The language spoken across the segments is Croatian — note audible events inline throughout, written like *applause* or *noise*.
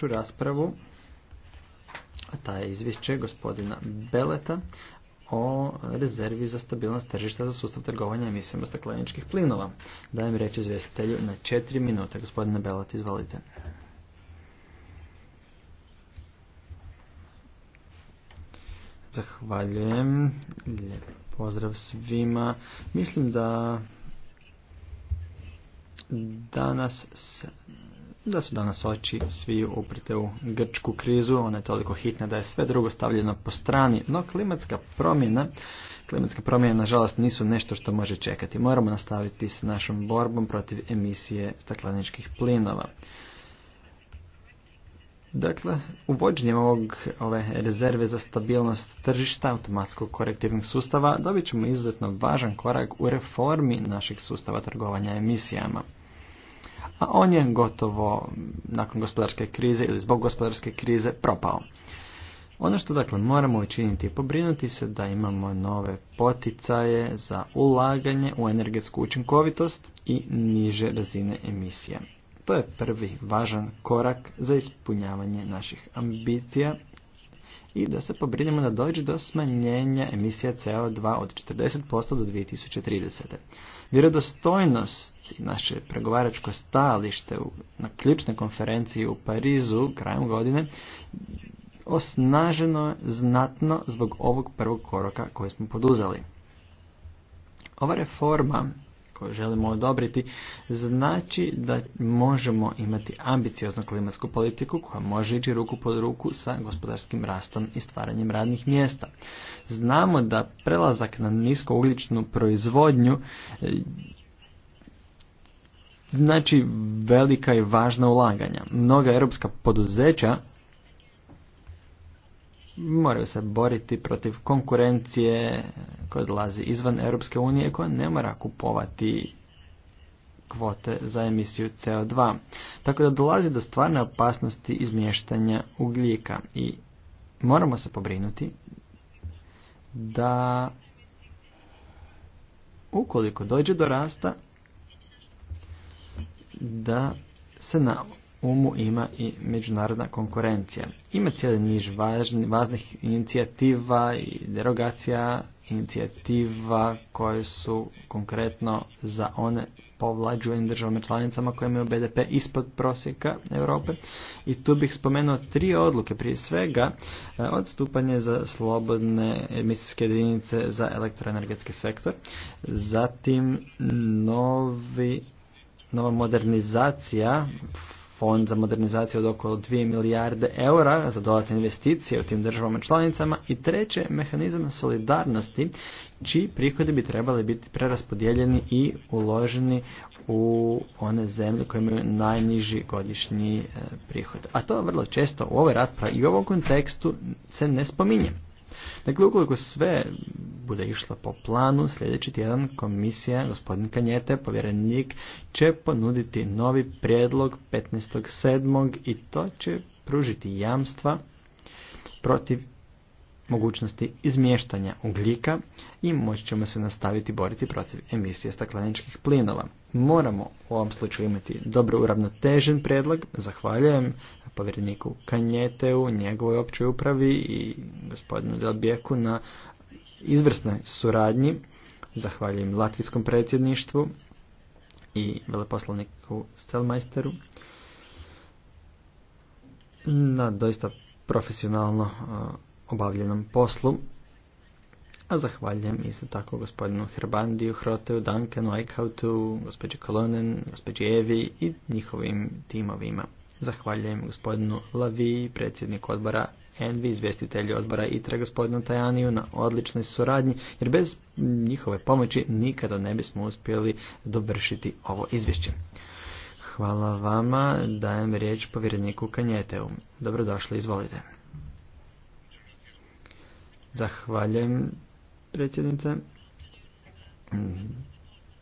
ću raspravu, a ta je izvješće gospodina Beleta o rezervi za stabilnost tržišta za sustav trgovanja emisijama stakleničkih plinova. Dajem riječ izvjestitelju na četiri minute. Gospodine Belat, izvolite. Zahvaljujem. Lijep pozdrav svima. Mislim da danas da su danas oči svi uprite u grčku krizu, ona je toliko hitna da je sve drugo stavljeno po strani, no klimatska promjena klimatska promjene, nažalost, nisu nešto što može čekati. Moramo nastaviti s našom borbom protiv emisije stakleničkih plinova. Dakle, uvođenjem ovog, ove rezerve za stabilnost tržišta automatskog korektivnih sustava dobit ćemo izuzetno važan korak u reformi našeg sustava trgovanja emisijama a on je gotovo nakon gospodarske krize ili zbog gospodarske krize propao. Ono što dakle moramo učiniti je pobrinuti se da imamo nove poticaje za ulaganje u energetsku učinkovitost i niže razine emisije. To je prvi važan korak za ispunjavanje naših ambicija i da se pobrinemo da dođe do smanjenja emisija CO2 od 40% do 2030. Vjerodostojnost naše pregovaračko stajalište na ključnoj konferenciji u Parizu krajem godine osnaženo je znatno zbog ovog prvog koraka koji smo poduzeli. Ova reforma koju želimo odobriti, znači da možemo imati ambicioznu klimatsku politiku koja može ići ruku pod ruku sa gospodarskim rastom i stvaranjem radnih mjesta. Znamo da prelazak na niskougljičnu proizvodnju e, znači velika i važna ulaganja. Mnoga europska poduzeća moraju se boriti protiv konkurencije koja dolazi izvan Europske unije koja ne mora kupovati kvote za emisiju CO2. Tako da dolazi do stvarne opasnosti izmještanja ugljika i moramo se pobrinuti da ukoliko dođe do rasta da se na umu ima i međunarodna konkurencija. Ima cijeli niž važnih inicijativa i derogacija inicijativa koje su konkretno za one povlađujenim državama članicama koje imaju BDP ispod prosjeka Europe. I tu bih spomenuo tri odluke. Prije svega e, odstupanje za slobodne emisijske jedinice za elektroenergetski sektor. Zatim novi, nova modernizacija fond za modernizaciju od oko 2 milijarde eura za dodatne investicije u tim državama članicama i treće mehanizam solidarnosti čiji prihodi bi trebali biti preraspodijeljeni i uloženi u one zemlje koje imaju najniži godišnji e, prihod. A to vrlo često u ovoj raspravi i u ovom kontekstu se ne spominje. Dakle, ukoliko sve bude išlo po planu, sljedeći tjedan komisija, gospodin Kanjete, povjerenik, će ponuditi novi prijedlog 15.7. i to će pružiti jamstva protiv mogućnosti izmještanja ugljika i moći ćemo se nastaviti boriti protiv emisije stakleničkih plinova. Moramo u ovom slučaju imati dobro uravnotežen predlog. Zahvaljujem povjereniku Kanjeteu, njegovoj općoj upravi i gospodinu Delbijeku na izvrsnoj suradnji. Zahvaljujem Latvijskom predsjedništvu i veleposlaniku Stelmeisteru. na doista profesionalno obavljenom poslu. A zahvaljujem isto tako gospodinu Herbandiju, Hroteu, Duncanu, Eichhautu, gospođi Kolonen, gospođi Evi i njihovim timovima. Zahvaljujem gospodinu Lavi, predsjedniku odbora Envi, izvjestitelju odbora ITRA, gospodinu Tajaniju na odličnoj suradnji, jer bez njihove pomoći nikada ne bismo uspjeli dovršiti ovo izvješće. Hvala vama, dajem riječ povjereniku Kanjeteu. Dobrodošli, izvolite. Zahvaljujem predsjednice.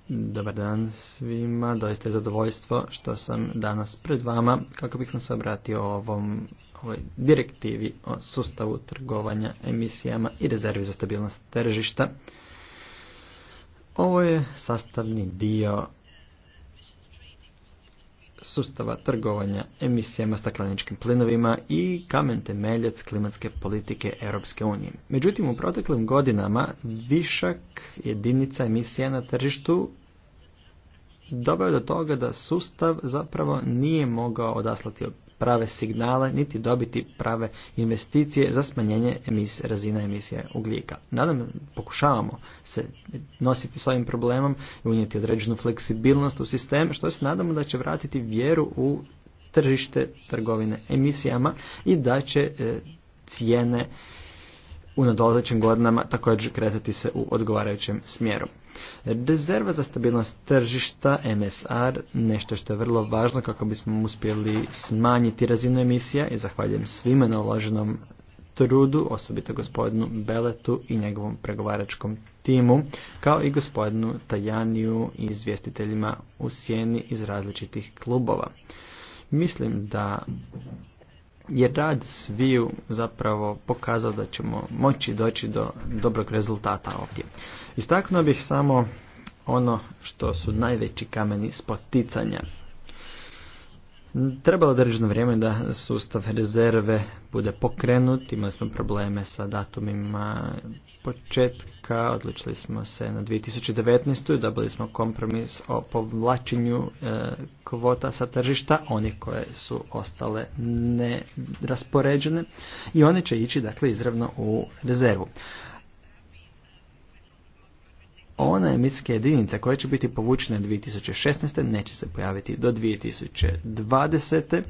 Dobar dan svima, doista je zadovoljstvo što sam danas pred vama kako bih vam se obratio ovom ovoj direktivi o sustavu trgovanja emisijama i rezervi za stabilnost tržišta. Ovo je sastavni dio sustava trgovanja emisijama stakleničkim plinovima i kamen temeljac klimatske politike Europske unije. Međutim, u proteklim godinama višak jedinica emisija na tržištu dobaju do toga da sustav zapravo nije mogao odaslati prave signale, niti dobiti prave investicije za smanjenje razina emisije ugljika. Nadam, pokušavamo se nositi s ovim problemom i unijeti određenu fleksibilnost u sistem, što se nadamo da će vratiti vjeru u tržište trgovine emisijama i da će e, cijene u nadolazećim godinama također kretati se u odgovarajućem smjeru. Rezerva za stabilnost tržišta, MSR, nešto što je vrlo važno kako bismo uspjeli smanjiti razinu emisija i zahvaljujem svima na uloženom trudu, osobito gospodinu Beletu i njegovom pregovaračkom timu, kao i gospodinu Tajaniju i izvjestiteljima u sjeni iz različitih klubova. Mislim da je rad sviju zapravo pokazao da ćemo moći doći do dobrog rezultata ovdje. Istaknuo bih samo ono što su najveći kameni spoticanja. Trebalo određeno vrijeme da sustav rezerve bude pokrenut, imali smo probleme sa datumima početka odlučili smo se na 2019. i dobili smo kompromis o povlačenju e, kvota sa tržišta, one koje su ostale neraspoređene i one će ići dakle izravno u rezervu one emitske jedinice koje će biti povučene 2016. neće se pojaviti do 2020.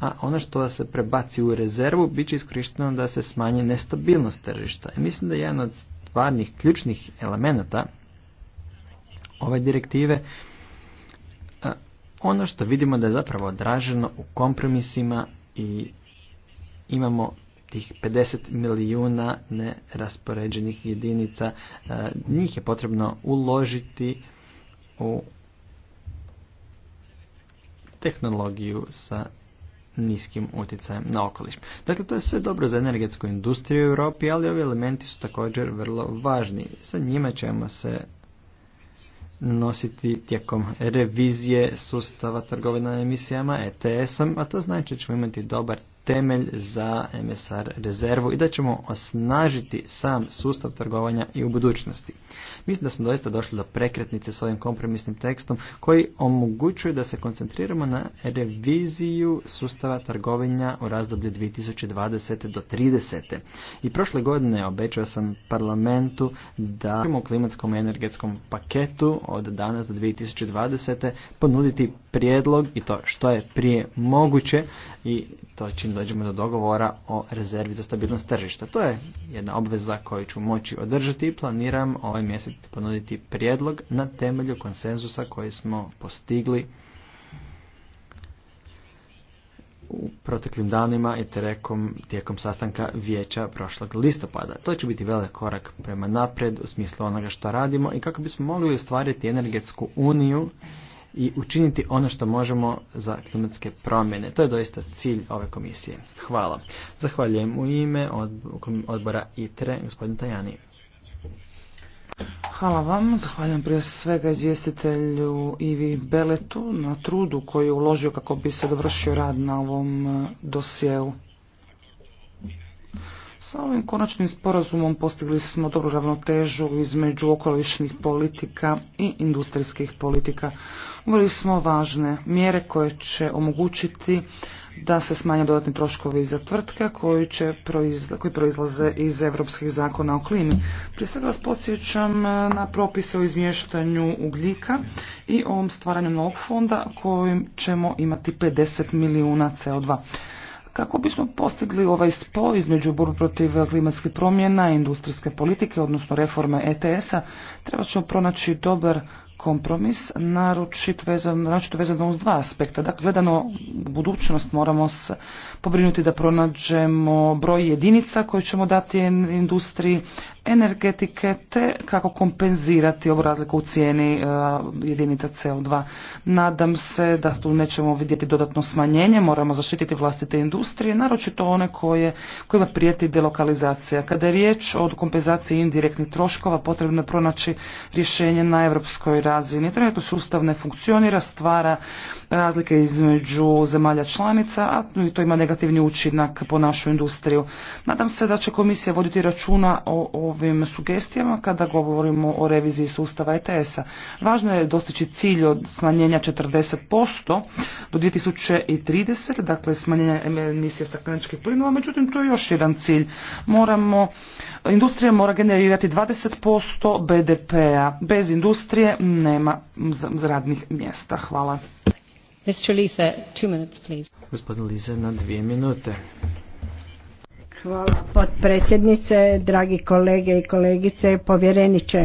A ono što se prebaci u rezervu bit će iskorišteno da se smanje nestabilnost tržišta. I mislim da je jedan od stvarnih ključnih elemenata ove direktive ono što vidimo da je zapravo odraženo u kompromisima i imamo tih 50 milijuna neraspoređenih jedinica, e, njih je potrebno uložiti u tehnologiju sa niskim utjecajem na okoliš. Dakle, to je sve dobro za energetsku industriju u Europi, ali ovi elementi su također vrlo važni. Sa njima ćemo se nositi tijekom revizije sustava trgovina emisijama ETS-om, a to znači da ćemo imati dobar temelj za MSR rezervu i da ćemo osnažiti sam sustav trgovanja i u budućnosti. Mislim da smo doista došli do prekretnice s ovim kompromisnim tekstom koji omogućuje da se koncentriramo na reviziju sustava trgovanja u razdoblju 2020. do 30. I prošle godine obećao sam parlamentu da ćemo u klimatskom energetskom paketu od danas do 2020. ponuditi prijedlog i to što je prije moguće i to čim dođemo do dogovora o rezervi za stabilnost tržišta. To je jedna obveza koju ću moći održati i planiram ovaj mjesec ponuditi prijedlog na temelju konsenzusa koji smo postigli u proteklim danima i terekom tijekom sastanka vijeća prošlog listopada. To će biti velik korak prema napred u smislu onoga što radimo i kako bismo mogli ostvariti energetsku uniju i učiniti ono što možemo za klimatske promjene. To je doista cilj ove komisije. Hvala. Zahvaljujem u ime odbora ITRE, gospodin Tajani. Hvala vam. Zahvaljujem prije svega izvjestitelju Ivi Beletu na trudu koji je uložio kako bi se dovršio rad na ovom eh, dosjeu. Sa ovim konačnim sporazumom postigli smo dobru ravnotežu između okolišnih politika i industrijskih politika. Uveli smo važne mjere koje će omogućiti da se smanje dodatni troškovi za tvrtke koji, će koji proizlaze iz europskih zakona o klimi. Prije svega vas podsjećam e, na propise o izmještanju ugljika i ovom stvaranju novog fonda kojim ćemo imati 50 milijuna CO2 kako bismo postigli ovaj spoj između borbe protiv klimatskih promjena i industrijske politike, odnosno reforme ETS-a, treba ćemo pronaći dobar kompromis, naročito vezano, uz dva aspekta. Dakle, gledano budućnost moramo se pobrinuti da pronađemo broj jedinica koje ćemo dati industriji energetike, te kako kompenzirati ovu razliku u cijeni e, jedinica CO2. Nadam se da tu nećemo vidjeti dodatno smanjenje, moramo zaštititi vlastite industrije, naročito one koje, kojima prijeti delokalizacija. Kada je riječ o kompenzaciji indirektnih troškova, potrebno je pronaći rješenje na europskoj razini. Trenutno sustav ne funkcionira, stvara razlike između zemalja članica, a to ima negativni učinak po našu industriju. Nadam se da će komisija voditi računa o ovim sugestijama kada govorimo o reviziji sustava ETS-a. Važno je dostići cilj od smanjenja 40% do 2030, dakle smanjenja emisije stakleničkih plinova, međutim to je još jedan cilj. Moramo, industrija mora generirati 20% BDP-a. Bez industrije nema radnih mjesta. Hvala. Gospodin na dvije minute. Hvala potpredsjednice, dragi kolege i kolegice, povjereniče.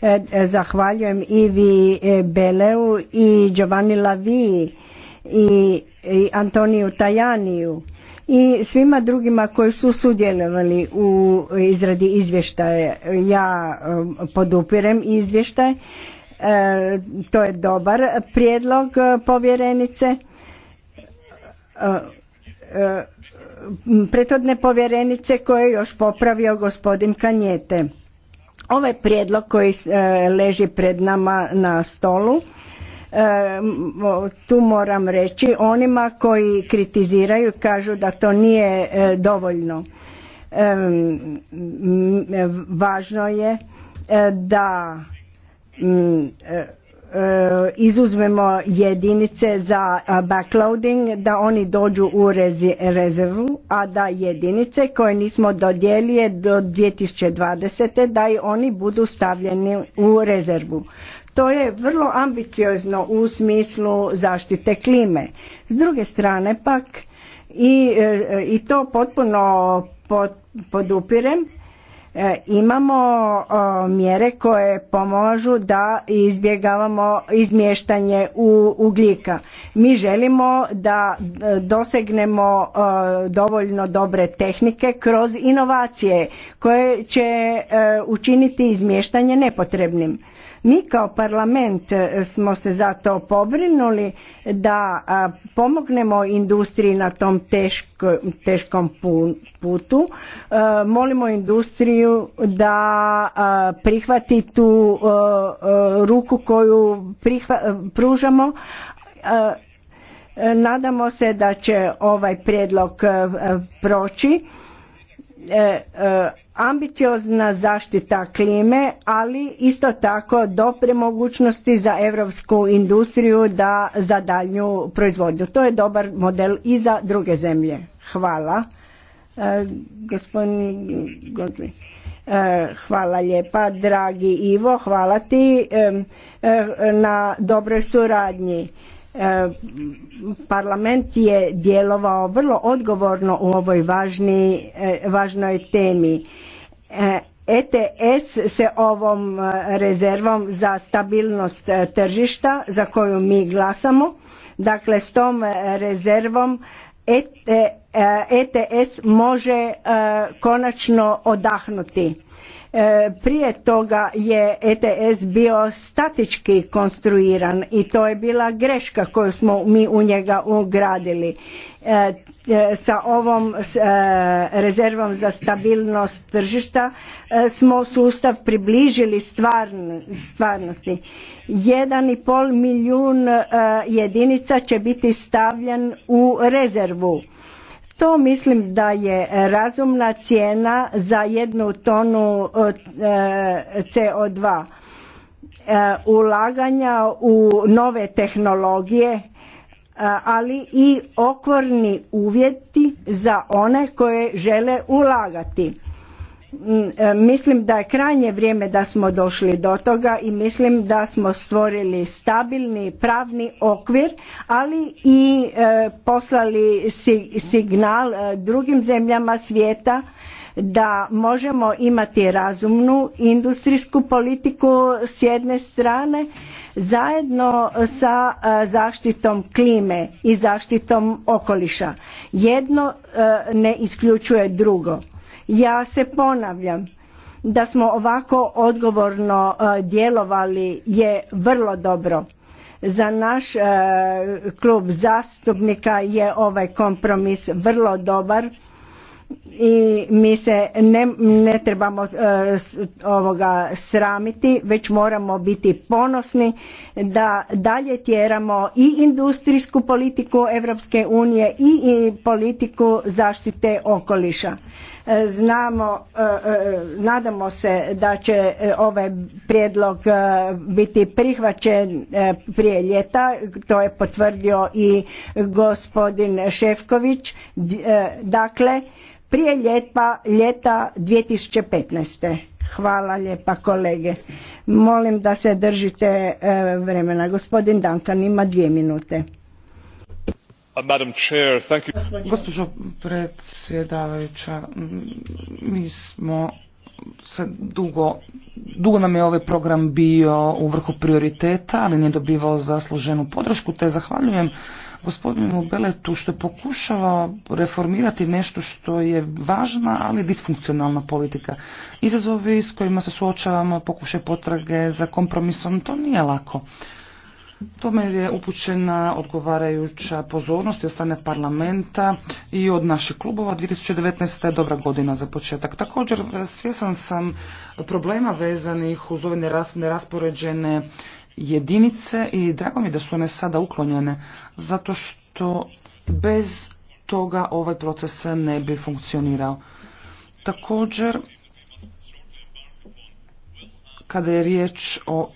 E, e, zahvaljujem i vi e, Beleu i Giovanni Lavi i Antoniju Tajaniju i svima drugima koji su sudjelovali u izradi izvještaja. Ja podupirem izvještaj E, to je dobar prijedlog e, povjerenice e, prethodne povjerenice koje je još popravio gospodin Kanjete. Ovaj prijedlog koji leži pred nama na stolu, tu moram reći onima koji kritiziraju kažu da to nije dovoljno. Važno je da Mm, e, e, izuzmemo jedinice za backloading, da oni dođu u rezervu, a da jedinice koje nismo dodijelije do 2020. da i oni budu stavljeni u rezervu. To je vrlo ambiciozno u smislu zaštite klime. S druge strane pak i, e, i to potpuno podupirem, E, imamo mjere koje pomažu da izbjegavamo izmještanje u ugljika. Mi želimo da e, dosegnemo dovoljno dobre tehnike kroz inovacije koje će e, učiniti izmještanje nepotrebnim mi kao parlament e, smo se zato pobrinuli da pomognemo industriji na tom teškom putu. E, molimo industriju da prihvati tu e, ruku koju pružamo nadamo se da će ovaj prijedlog proći E, e, ambiciozna zaštita klime, ali isto tako dobre mogućnosti za europsku industriju da za daljnju proizvodnju. To je dobar model i za druge zemlje. Hvala. E, hvala lijepa, dragi Ivo, hvala ti na dobroj suradnji. Parlament je djelovao vrlo odgovorno u ovoj važni, e, važnoj temi. ETS e se ovom e, rezervom za stabilnost tržišta za koju mi glasamo, dakle s tom rezervom ETS može konačno odahnuti E, prije toga je ETS bio statički konstruiran i to je bila greška koju smo mi u njega ugradili. E, e, sa ovom rezervom za stabilnost tržišta smo sustav približili stvarnosti. 1,5 milijun jedinica će biti stavljen u rezervu to mislim da je razumna cijena za jednu tonu e, CO2. E, ulaganja u nove tehnologije, e, ali i okvorni uvjeti za one koje žele ulagati Mm, e, mislim da je krajnje vrijeme da smo došli do toga i mislim da smo stvorili stabilni pravni okvir, ali i e, poslali signal e, drugim zemljama svijeta da možemo imati razumnu industrijsku politiku s jedne strane zajedno sa zaštitom klime i zaštitom okoliša. Jedno ne isključuje drugo ja se ponavljam da smo ovako odgovorno e, djelovali je vrlo dobro. Za naš e, klub zastupnika je ovaj kompromis vrlo dobar i mi se ne, trebamo e, ovoga sramiti već moramo biti ponosni da dalje tjeramo i industrijsku politiku Europske unije i, i politiku zaštite okoliša Znamo, e, e, nadamo se da će e, ovaj prijedlog biti prihvaćen prije ljeta, to je potvrdio i gospodin Šefković, dakle prije ljeta, ljeta 2015. Hvala lijepa kolege. Molim da se držite vremena. Gospodin Dankan ima dvije minute. Uh, Gospođo predsjedavajuća, mi smo se dugo, dugo nam je ovaj program bio u vrhu prioriteta, ali nije dobivao zasluženu podršku, te zahvaljujem gospodinu Beletu što je pokušava reformirati nešto što je važna, ali disfunkcionalna politika. Izazovi s kojima se suočavamo, pokušaj potrage za kompromisom, to nije lako. Tome je upućena odgovarajuća pozornost i od strane parlamenta i od naših klubova. 2019. je dobra godina za početak. Također svjesan sam problema vezanih uz ove neraspoređene jedinice i drago mi je da su one sada uklonjene zato što bez toga ovaj proces ne bi funkcionirao. Također kada je riječ o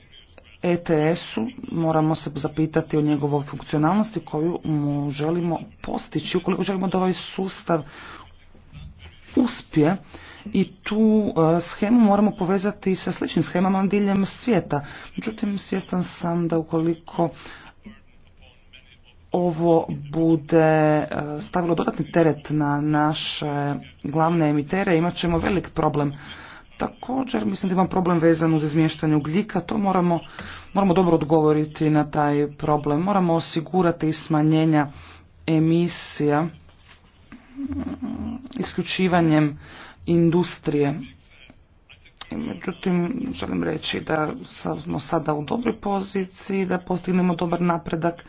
ETS-u, moramo se zapitati o njegovoj funkcionalnosti koju mu želimo postići, ukoliko želimo da ovaj sustav uspije i tu e, schemu moramo povezati sa sličnim schemama diljem svijeta. Međutim, svjestan sam da ukoliko ovo bude e, stavilo dodatni teret na naše glavne emitere, imat ćemo velik problem Također, mislim da imam problem vezan uz izmještanje ugljika, to moramo, moramo dobro odgovoriti na taj problem. Moramo osigurati smanjenja emisija mm, isključivanjem industrije. Međutim, želim reći da smo sada u dobroj poziciji, da postignemo dobar napredak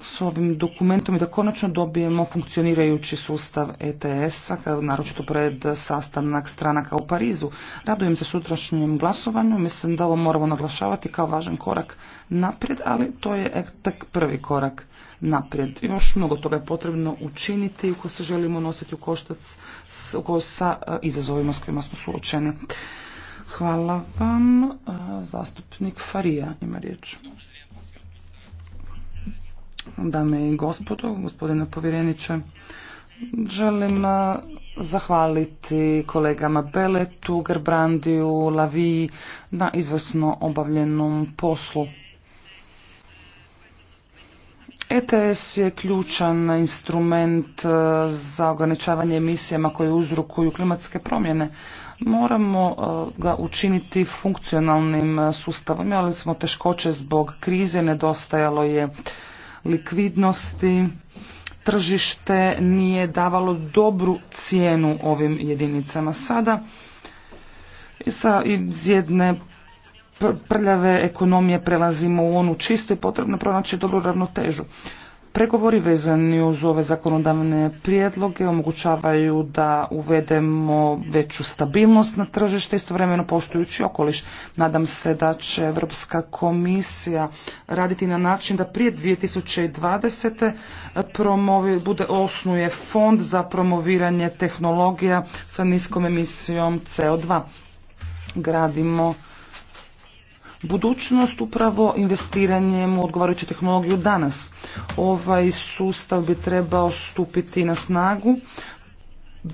s ovim dokumentom i da konačno dobijemo funkcionirajući sustav ETS-a, naročito pred sastanak stranaka u Parizu. Radujem se sutrašnjem glasovanju, mislim da ovo moramo naglašavati kao važan korak naprijed, ali to je tek prvi korak naprijed. Još mnogo toga je potrebno učiniti ako se želimo nositi u koštac sa e, izazovima s kojima smo suočeni. Hvala vam. E, zastupnik Farija ima riječ. Dame i gospodo, gospodine povjereniče, želim zahvaliti kolegama Beletu, Gerbrandiju, Lavi na izvrsno obavljenom poslu. ETS je ključan instrument za ograničavanje emisijama koje uzrukuju klimatske promjene. Moramo ga učiniti funkcionalnim sustavom. ali smo teškoće zbog krize, nedostajalo je likvidnosti, tržište nije davalo dobru cijenu ovim jedinicama. Sada sa iz jedne prljave ekonomije prelazimo u onu čistu i potrebno pronaći dobru ravnotežu. Pregovori vezani uz ove zakonodavne prijedloge omogućavaju da uvedemo veću stabilnost na tržište, istovremeno poštujući okoliš. Nadam se da će Europska komisija raditi na način da prije 2020. Promovi, bude, osnuje fond za promoviranje tehnologija sa niskom emisijom CO2. Gradimo budućnost upravo investiranjem u odgovarajuću tehnologiju danas. Ovaj sustav bi trebao stupiti na snagu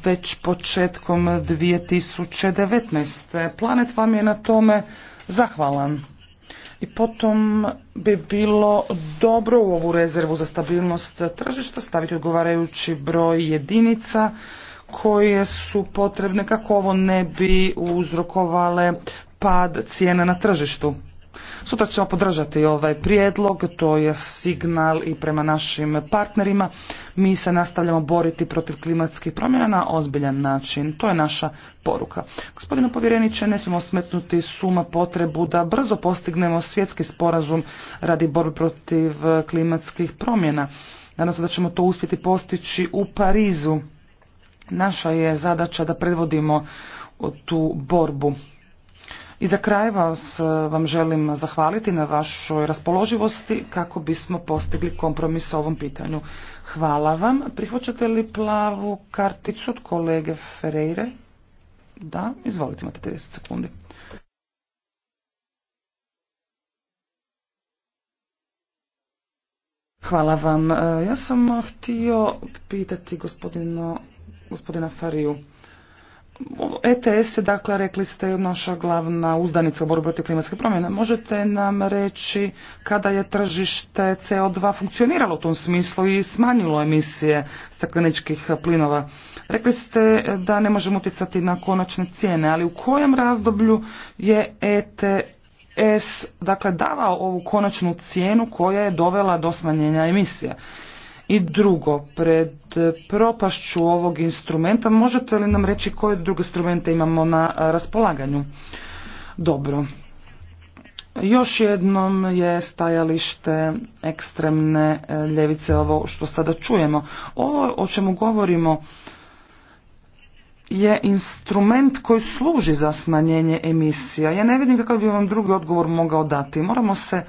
već početkom 2019. Planet vam je na tome zahvalan. I potom bi bilo dobro u ovu rezervu za stabilnost tržišta staviti odgovarajući broj jedinica koje su potrebne kako ovo ne bi uzrokovale pad cijena na tržištu. Sutra ćemo podržati ovaj prijedlog, to je signal i prema našim partnerima. Mi se nastavljamo boriti protiv klimatskih promjena na ozbiljan način. To je naša poruka. Gospodine povjereniče, ne smijemo smetnuti suma potrebu da brzo postignemo svjetski sporazum radi borbe protiv klimatskih promjena. Nadam se da ćemo to uspjeti postići u Parizu. Naša je zadaća da predvodimo tu borbu. I za kraj vas, e, vam želim zahvaliti na vašoj raspoloživosti kako bismo postigli kompromis o ovom pitanju. Hvala vam. Prihvaćate li plavu karticu od kolege Ferreire? Da, izvolite, imate 30 sekundi. Hvala vam. E, ja sam htio pitati gospodina Fariju. ETS je, dakle, rekli ste, naša glavna uzdanica u borbi protiv klimatske promjene. Možete nam reći kada je tržište CO2 funkcioniralo u tom smislu i smanjilo emisije stakleničkih plinova? Rekli ste da ne možemo utjecati na konačne cijene, ali u kojem razdoblju je ETS dakle, davao ovu konačnu cijenu koja je dovela do smanjenja emisije? I drugo, pred propašću ovog instrumenta možete li nam reći koje druge instrumente imamo na raspolaganju? Dobro. Još jednom je stajalište ekstremne e, ljevice ovo što sada čujemo. Ovo o čemu govorimo je instrument koji služi za smanjenje emisija. Ja ne vidim kakav bi vam drugi odgovor mogao dati. Moramo se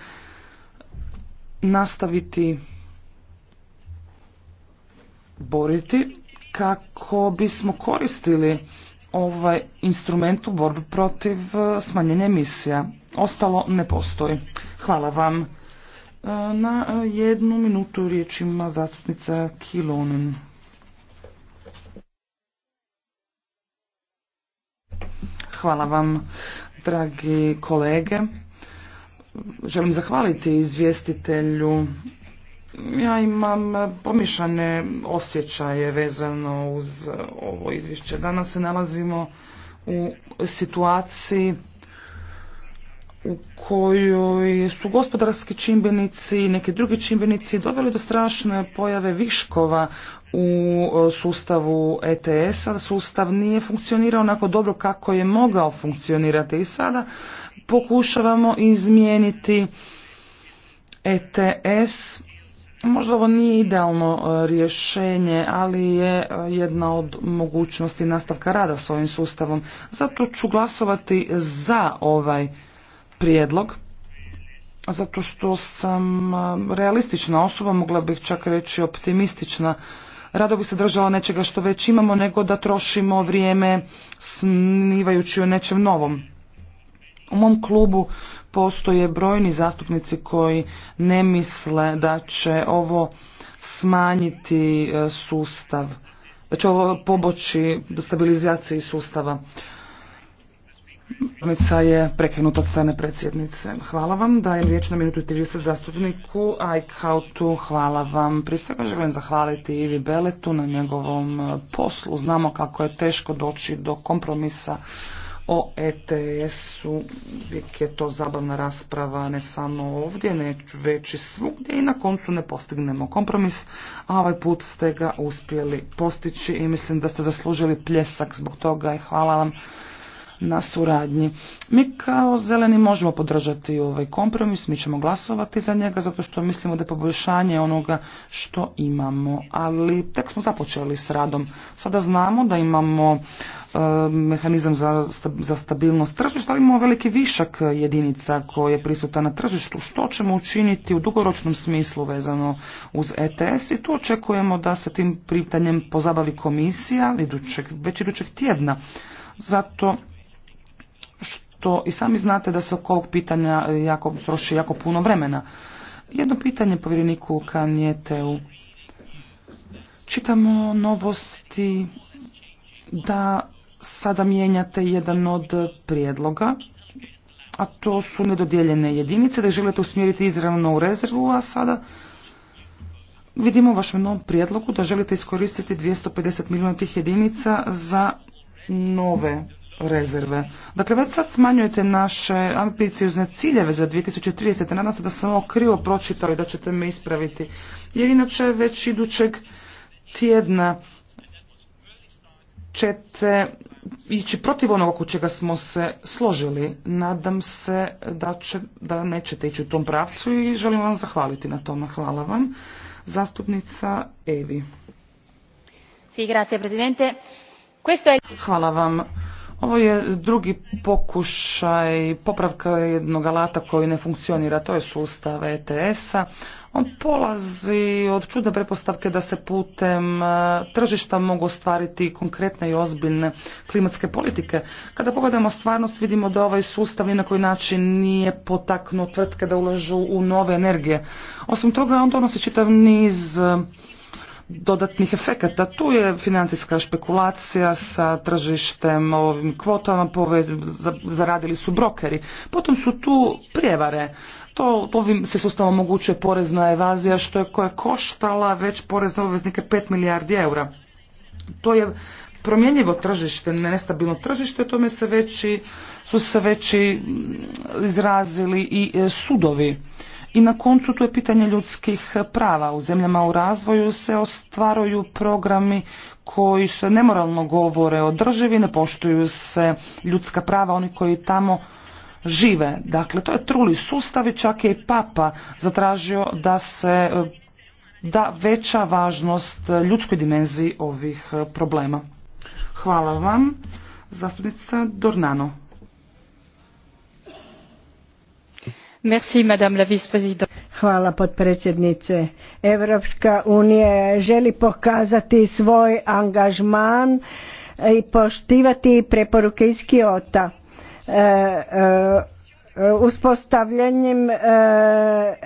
nastaviti boriti kako bismo koristili ovaj instrument u borbi protiv e, smanjenja emisija. Ostalo ne postoji. Hvala vam. E, na jednu minutu riječ ima zastupnica Kilonin. Hvala vam, dragi kolege. Želim zahvaliti izvjestitelju ja imam e, pomišane osjećaje vezano uz e, ovo izvješće. Danas se nalazimo u situaciji u kojoj su gospodarski čimbenici i neki drugi čimbenici doveli do strašne pojave viškova u e, sustavu ETS-a. Sustav nije funkcionirao onako dobro kako je mogao funkcionirati i sada pokušavamo izmijeniti ETS Možda ovo nije idealno e, rješenje, ali je e, jedna od mogućnosti nastavka rada s ovim sustavom. Zato ću glasovati za ovaj prijedlog, zato što sam e, realistična osoba, mogla bih čak reći optimistična. Rado bi se držala nečega što već imamo, nego da trošimo vrijeme snivajući o nečem novom. U mom klubu postoje brojni zastupnici koji ne misle da će ovo smanjiti e, sustav, da će ovo poboći stabilizaciji sustava. Zastupnica je prekinuta od strane predsjednice. Hvala vam. Dajem riječ na minutu i 30 zastupniku Aikautu. Hvala vam. Prije svega želim zahvaliti Ivi Beletu na njegovom e, poslu. Znamo kako je teško doći do kompromisa o ETS-u, uvijek je to zabavna rasprava ne samo ovdje, već i svugdje i na koncu ne postignemo kompromis, a ovaj put ste ga uspjeli postići i mislim da ste zaslužili pljesak zbog toga i hvala vam na suradnji. Mi kao zeleni možemo podržati ovaj kompromis, mi ćemo glasovati za njega zato što mislimo da je poboljšanje onoga što imamo, ali tek smo započeli s radom. Sada znamo da imamo e, mehanizam za, za stabilnost tržišta, ali imamo veliki višak jedinica koja je prisutan na tržištu. Što ćemo učiniti u dugoročnom smislu vezano uz ETS i tu očekujemo da se tim pitanjem pozabavi komisija idućeg, već idućeg tjedna. Zato što i sami znate da se oko ovog pitanja jako, troši jako puno vremena. Jedno pitanje povjereniku Kanjeteu. Čitamo novosti da sada mijenjate jedan od prijedloga, a to su nedodijeljene jedinice, da želite usmjeriti izravno u rezervu, a sada vidimo u vašem novom prijedlogu da želite iskoristiti 250 milijuna tih jedinica za nove rezerve. Dakle, već sad smanjujete naše ambiciozne ciljeve za 2030. Nadam se da sam ovo krivo pročitao i da ćete me ispraviti. Jer inače već idućeg tjedna ćete ići protiv onog oko čega smo se složili. Nadam se da, će, da nećete ići u tom pravcu i želim vam zahvaliti na tome. Hvala vam. Zastupnica Evi. Hvala vam. Ovo je drugi pokušaj popravka jednog alata koji ne funkcionira, to je sustav ETS-a. On polazi od čude prepostavke da se putem e, tržišta mogu ostvariti konkretne i ozbiljne klimatske politike. Kada pogledamo stvarnost vidimo da ovaj sustav ni na koji način nije potaknuo tvrtke da ulažu u nove energije. Osim toga on donosi čitav niz dodatnih efekata. Tu je financijska špekulacija sa tržištem, ovim kvotama, zaradili su brokeri. Potom su tu prijevare. To, ovim se sustavom omogućuje porezna evazija što je koja koštala već porezne obveznike 5 milijardi eura. To je promjenjivo tržište, nestabilno tržište, tome se veći, su se veći izrazili i e, sudovi. I na koncu tu je pitanje ljudskih eh, prava. U zemljama u razvoju se ostvaruju programi koji se nemoralno govore o državi, ne poštuju se ljudska prava, oni koji tamo žive. Dakle, to je truli sustav i čak je i papa zatražio da se eh, da veća važnost ljudskoj dimenziji ovih eh, problema. Hvala vam. Zastupnica Dornano. Merci, Hvala potpredsjednice. Europska unija želi pokazati svoj angažman i poštivati preporuke iz Kiota. E, e, uspostavljanjem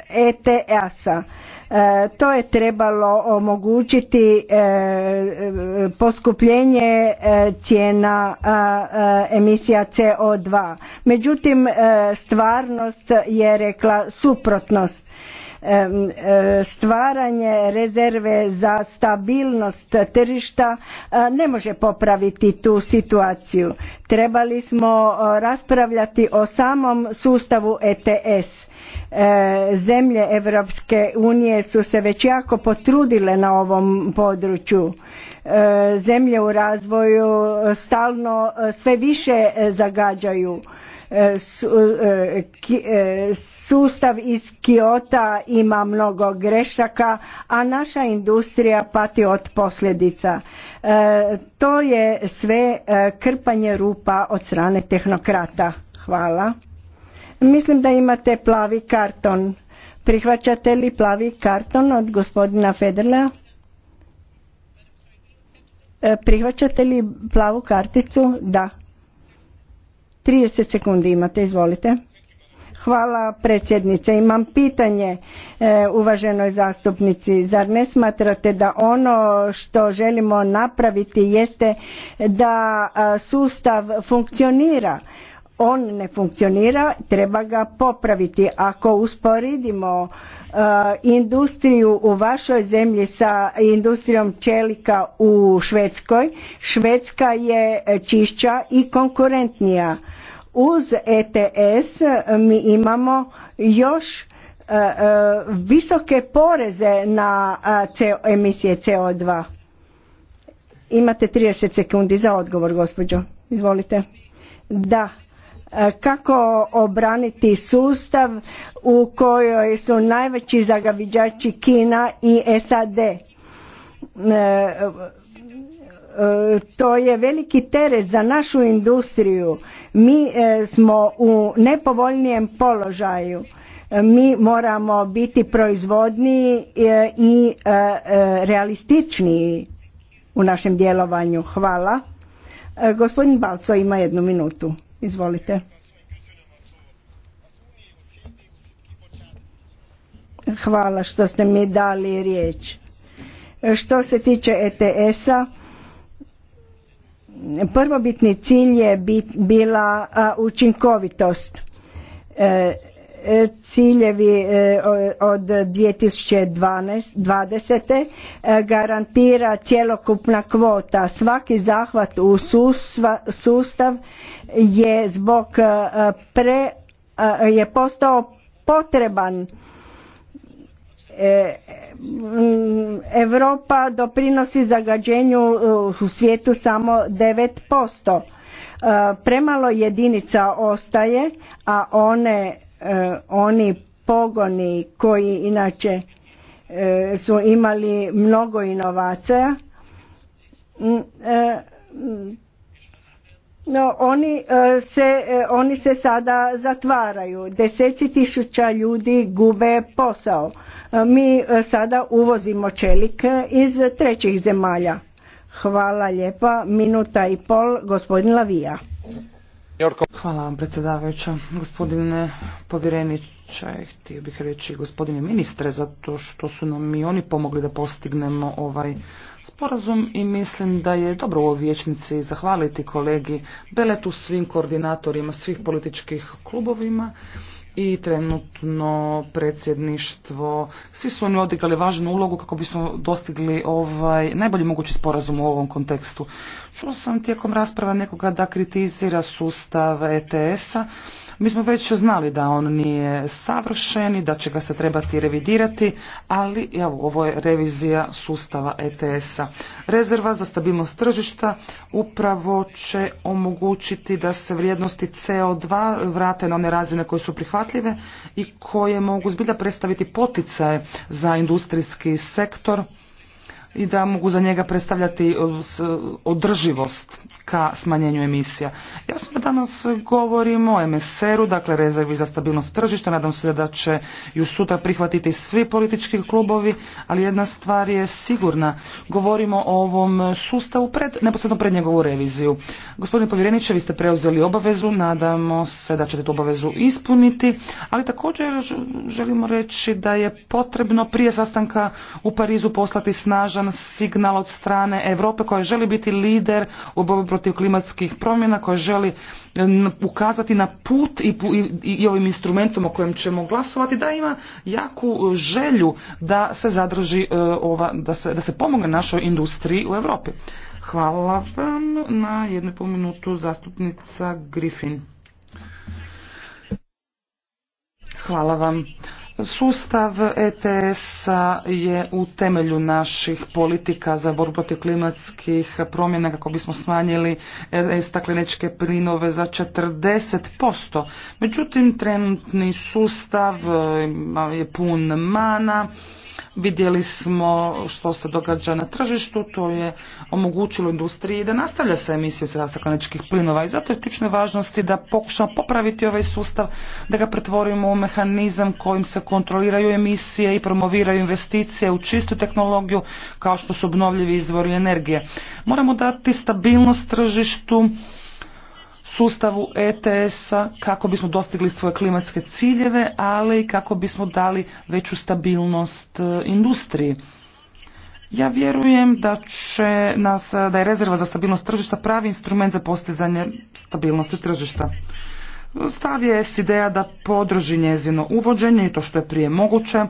ETS-a e E, to je trebalo omogućiti e, e, poskupljenje cijena emisija CO2. Međutim, stvarnost je rekla suprotnost E, stvaranje rezerve za stabilnost tržišta e, ne može popraviti tu situaciju. Trebali smo e, raspravljati o samom sustavu ETS. Zemlje Europske unije su se već jako potrudile na ovom području zemlje u razvoju stalno sve više zagađaju E, e, sustav iz Kiota ima mnogo grešaka, a naša industrija pati od posljedica. E, to je sve krpanje rupa od strane tehnokrata. Hvala. Mislim da imate plavi karton. Prihvaćate li plavi karton od gospodina Federla? Prihvaćate li plavu karticu? Da. 30 sekundi imate, izvolite. Hvala predsjednice. Imam pitanje e, uvaženoj zastupnici. Zar ne smatrate da ono što želimo napraviti jeste da e, sustav funkcionira? On ne funkcionira, treba ga popraviti. Ako usporedimo e, industriju u vašoj zemlji sa industrijom čelika u Švedskoj, Švedska je čišća i konkurentnija uz ETS eh, mi imamo još eh, eh, visoke poreze na emisije CO2. Imate 30 sekundi za odgovor, gospođo. Izvolite. Da. Kako obraniti sustav u kojoj su najveći zagaviđači Kina i SAD? To je veliki teret za našu industriju mi e, smo u nepovoljnijem položaju. E, mi moramo biti proizvodniji e, i realističniji u našem djelovanju. Hvala. Gospodin Balco ima jednu minutu. Izvolite. Hvala što ste mi dali riječ. Što se tiče ETS-a, prvobitni cilj je bila učinkovitost e, e, ciljevi e, od 2020. garantira cjelokupna kvota. Svaki zahvat u sustav je zbog pre, je postao potreban Europa doprinosi zagađenju uh, u svijetu samo 9%. E, premalo jedinica ostaje, a one, e, oni pogoni koji inače e, su imali mnogo inovacija, mm, mm, no, oni, se, oni se sada zatvaraju. Deseci tisuća ljudi gube posao mi e, sada uvozimo čelik iz trećih zemalja. Hvala lijepa. Minuta i pol, gospodin Lavija. Hvala vam predsjedavajuća. Gospodine povjereniče, htio bih reći gospodine ministre, zato što su nam i oni pomogli da postignemo ovaj sporazum i mislim da je dobro u ovoj vječnici zahvaliti kolegi Beletu, svim koordinatorima, svih političkih klubovima i trenutno predsjedništvo. Svi su oni odigrali važnu ulogu kako bismo dostigli ovaj najbolji mogući sporazum u ovom kontekstu. Čuo sam tijekom rasprava nekoga da kritizira sustav ETS-a. Mi smo već znali da on nije savršen i da će ga se trebati revidirati, ali evo, ovo je revizija sustava ETS-a. Rezerva za stabilnost tržišta upravo će omogućiti da se vrijednosti CO2 vrate na one razine koje su prihvatljive i koje mogu zbilja predstaviti poticaje za industrijski sektor i da mogu za njega predstavljati e, održivost ka smanjenju emisija. Ja da danas govorimo o MSR-u, dakle rezervi za stabilnost tržišta, nadam se da će ju sutra prihvatiti svi politički klubovi, ali jedna stvar je sigurna. Govorimo o ovom sustavu pred, neposredno pred njegovu reviziju. Gospodine povjereniče, vi ste preuzeli obavezu, nadamo se da ćete tu obavezu ispuniti, ali također želimo reći da je potrebno prije sastanka u Parizu poslati snažan signal od strane Europe koja želi biti lider u borbi protiv klimatskih promjena, koja želi e, ukazati na put i, i, ovim instrumentom o kojem ćemo glasovati da ima jaku e, želju da se zadrži e, ova, da se, da se pomogne našoj industriji u Europi. Hvala vam na jednu i minutu zastupnica Griffin. Hvala vam. Sustav ets je u temelju naših politika za borbu protiv klimatskih promjena kako bismo smanjili e, stakleničke plinove za 40%. Međutim, trenutni sustav e, je pun mana Vidjeli smo što se događa na tržištu, to je omogućilo industriji da nastavlja sa emisijom stakleničkih plinova i zato je ključne važnosti da pokušamo popraviti ovaj sustav, da ga pretvorimo u mehanizam kojim se kontroliraju emisije i promoviraju investicije u čistu tehnologiju kao što su obnovljivi izvori energije. Moramo dati stabilnost tržištu, sustavu ETS-a kako bismo dostigli svoje klimatske ciljeve, ali i kako bismo dali veću stabilnost e, industriji. Ja vjerujem da će nas, e, da je rezerva za stabilnost tržišta pravi instrument za postizanje stabilnosti tržišta. Stav je s ideja da podrži njezino uvođenje i to što je prije moguće,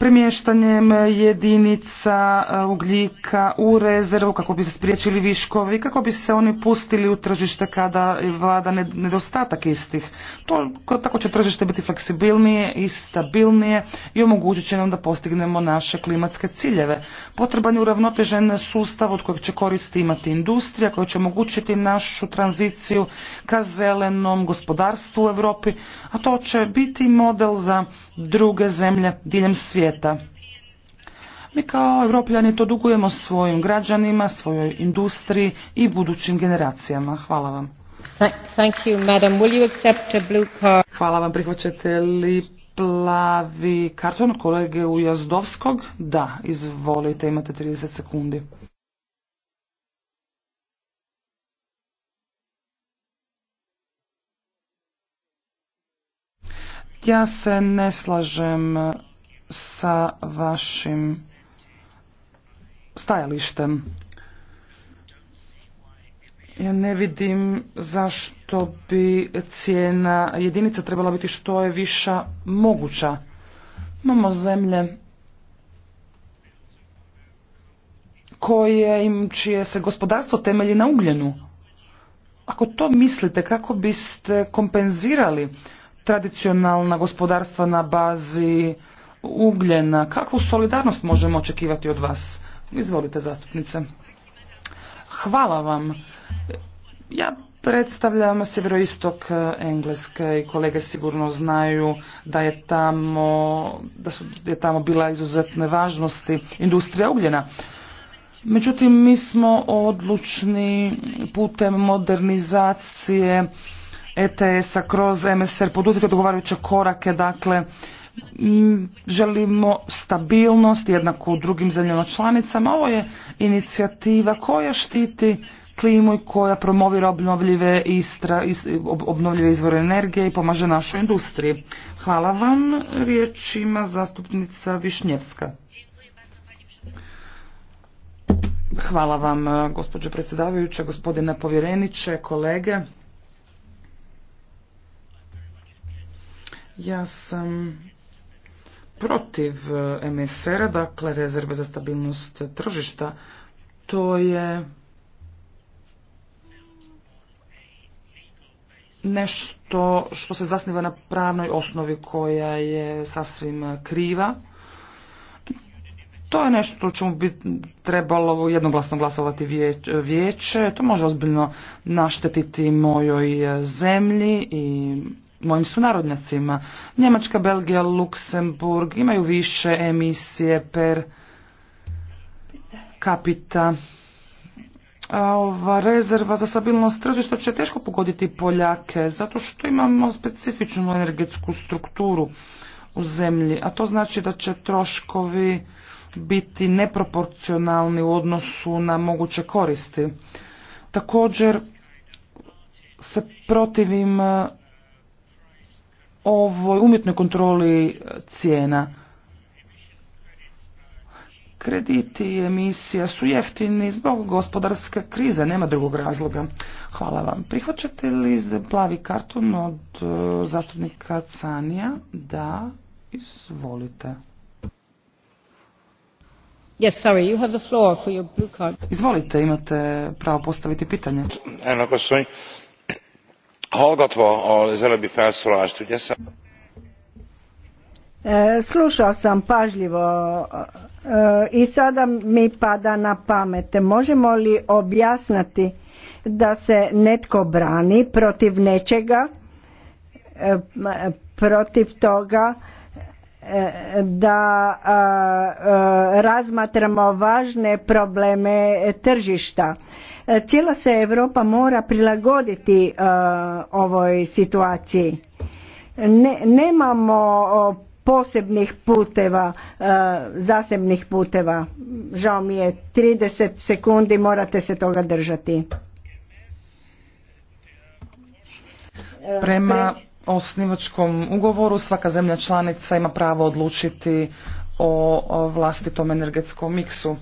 premještanjem jedinica e, ugljika u rezervu kako bi se spriječili viškovi i kako bi se oni pustili u tržište kada vlada nedostatak istih. To, tako će tržište biti fleksibilnije i stabilnije i omogućit će nam da postignemo naše klimatske ciljeve. Potreban je uravnotežen sustav od kojeg će koristi imati industrija koja će omogućiti našu tranziciju ka zelenom gospodarstvu u Europi, a to će biti model za druge zemlje diljem svijeta svijeta. Mi kao evropljani to dugujemo svojim građanima, svojoj industriji i budućim generacijama. Hvala vam. Thank Hvala vam. Prihvaćate li plavi karton kolege Ujazdovskog? Da, izvolite, imate 30 sekundi. Ja se ne slažem sa vašim stajalištem. Ja ne vidim zašto bi cijena jedinica trebala biti što je viša moguća. Imamo zemlje koje im čije se gospodarstvo temelji na ugljenu. Ako to mislite kako biste kompenzirali tradicionalna gospodarstva na bazi ugljena. Kakvu solidarnost možemo očekivati od vas? Izvolite zastupnice. Hvala vam. Ja predstavljam sjeveroistok e, Engleske i kolege sigurno znaju da je tamo, da su, je tamo bila izuzetne važnosti industrija ugljena. Međutim, mi smo odlučni putem modernizacije ETS-a kroz MSR poduzeti odgovarajuće korake, dakle, Mm, želimo stabilnost jednako u drugim zemljama članicama. Ovo je inicijativa koja štiti klimu i koja promovira obnovljive, istra, obnovljive izvore energije i pomaže našoj industriji. Hvala vam. Riječ ima zastupnica Višnjevska. Hvala vam, eh, gospođo predsjedavajuće, gospodine povjereniče, kolege. Ja sam protiv eh, MSR-a, dakle rezerve za stabilnost tržišta. To je nešto što se zasniva na pravnoj osnovi koja je sasvim kriva. To je nešto o čemu bi trebalo jednoglasno glasovati vijeće. To može ozbiljno naštetiti mojoj zemlji i mojim sunarodnjacima. Njemačka, Belgija, Luksemburg imaju više emisije per kapita. ova rezerva za stabilnost tržišta će teško pogoditi Poljake, zato što imamo specifičnu energetsku strukturu u zemlji, a to znači da će troškovi biti neproporcionalni u odnosu na moguće koristi. Također se protivim ovoj umjetnoj kontroli cijena. Krediti i emisija su jeftini zbog gospodarske krize, nema drugog razloga. Hvala vam. Prihvaćate li plavi karton od e, zastupnika Canija? Da, izvolite. Yes, sorry, you have the floor for your blue card. Izvolite, imate pravo postaviti pitanje. Eno, hallgatva az e, Slušao sam pažljivo e, i sada mi pada na pamet. Možemo li objasniti da se netko brani protiv nečega, e, protiv toga da razmatramo važne probleme tržišta E, cijela se Europa mora prilagoditi e, ovoj situaciji. nemamo posebnih puteva, e, zasebnih puteva. Žao mi je, 30 sekundi morate se toga držati. Prema osnivačkom ugovoru svaka zemlja članica ima pravo odlučiti o vlastitom energetskom miksu.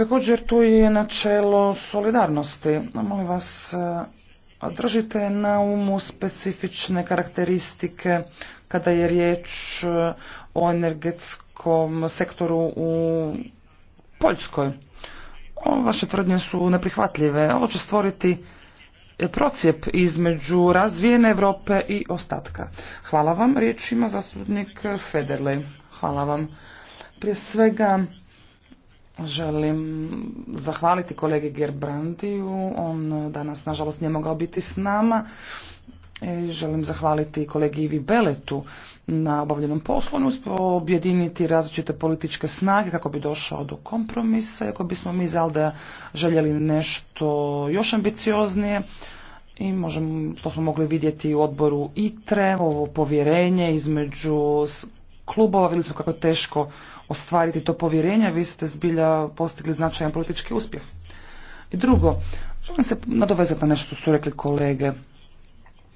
Također tu je načelo solidarnosti. Molim vas, eh, držite na umu specifične karakteristike kada je riječ eh, o energetskom sektoru u Poljskoj. vaše tvrdnje su neprihvatljive. Ovo će stvoriti eh, procijep između razvijene Europe i ostatka. Hvala vam. Riječ ima zastupnik Federle. Hvala vam. Prije svega Želim zahvaliti kolegi Gerbrandiju, on danas nažalost nije mogao biti s nama. E, želim zahvaliti kolegi Ivi Beletu na obavljenom poslu, objediniti različite političke snage kako bi došao do kompromisa, kako bismo mi iz Aldeja željeli nešto još ambicioznije i možemo, to smo mogli vidjeti u odboru ITRE, ovo povjerenje između klubova, vidjeli smo kako je teško ostvariti to povjerenje, vi ste zbilja postigli značajan politički uspjeh. I drugo, želim se nadovezati na nešto što su rekli kolege.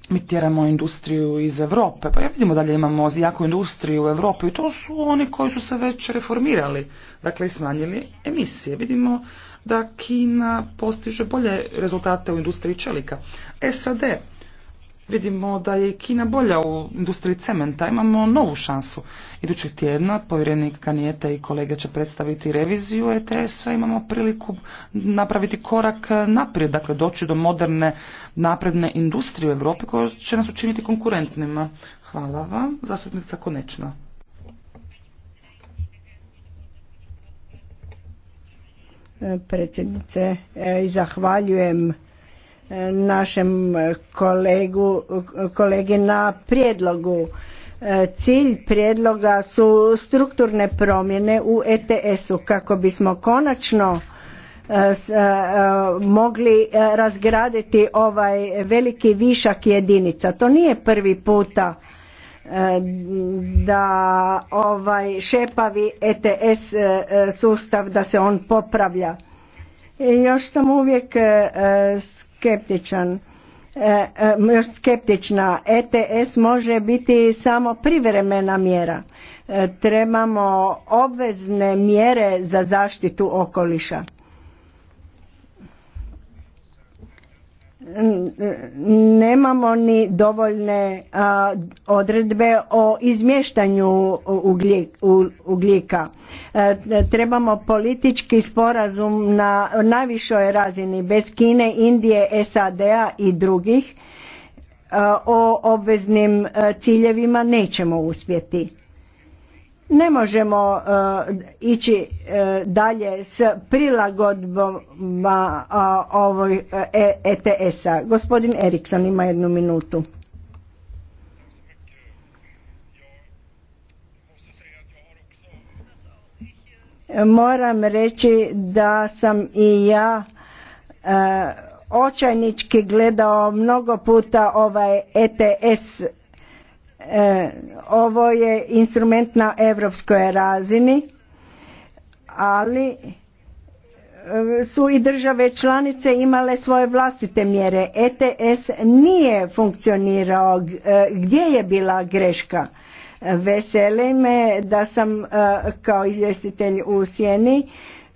Mi tjeramo industriju iz Europe, pa ja vidimo dalje imamo jako industriju u Europi i to su oni koji su se već reformirali, dakle i smanjili emisije. Vidimo da Kina postiže bolje rezultate u industriji čelika. SAD Vidimo da je Kina bolja u industriji cementa. Imamo novu šansu. Idućeg tjedna povjerenik Kanijeta i kolege će predstaviti reviziju ETS-a. Imamo priliku napraviti korak naprijed, dakle doći do moderne napredne industrije u Europi koja će nas učiniti konkurentnima. Hvala vam. Zastupnica Konečna. Predsjednice, e, zahvaljujem našem kolegu, kolegi na prijedlogu. E, cilj prijedloga su strukturne promjene u ETS-u kako bismo konačno e, e, mogli razgraditi ovaj veliki višak jedinica. To nije prvi puta da ovaj šepavi ETS sustav da se on popravlja. Još sam uvijek skeptičan e, e, skeptična. ETS može biti samo privremena mjera. E, trebamo obvezne mjere za zaštitu okoliša. Nemamo ni dovoljne odredbe o izmještanju ugljika E, trebamo politički sporazum na najvišoj razini bez Kine, Indije, SAD-a i drugih. E, o obveznim e, ciljevima nećemo uspjeti. Ne možemo ići dalje s prilagodbama ETS-a. Gospodin Erikson ima jednu minutu. moram reći da sam i ja e, očajnički gledao mnogo puta ovaj ETS e, ovo je instrument na europskoj razini ali e, su i države članice imale svoje vlastite mjere. ETS nije funkcionirao. E, gdje je bila greška? Veseli me da sam e, kao izvjestitelj u Sjeni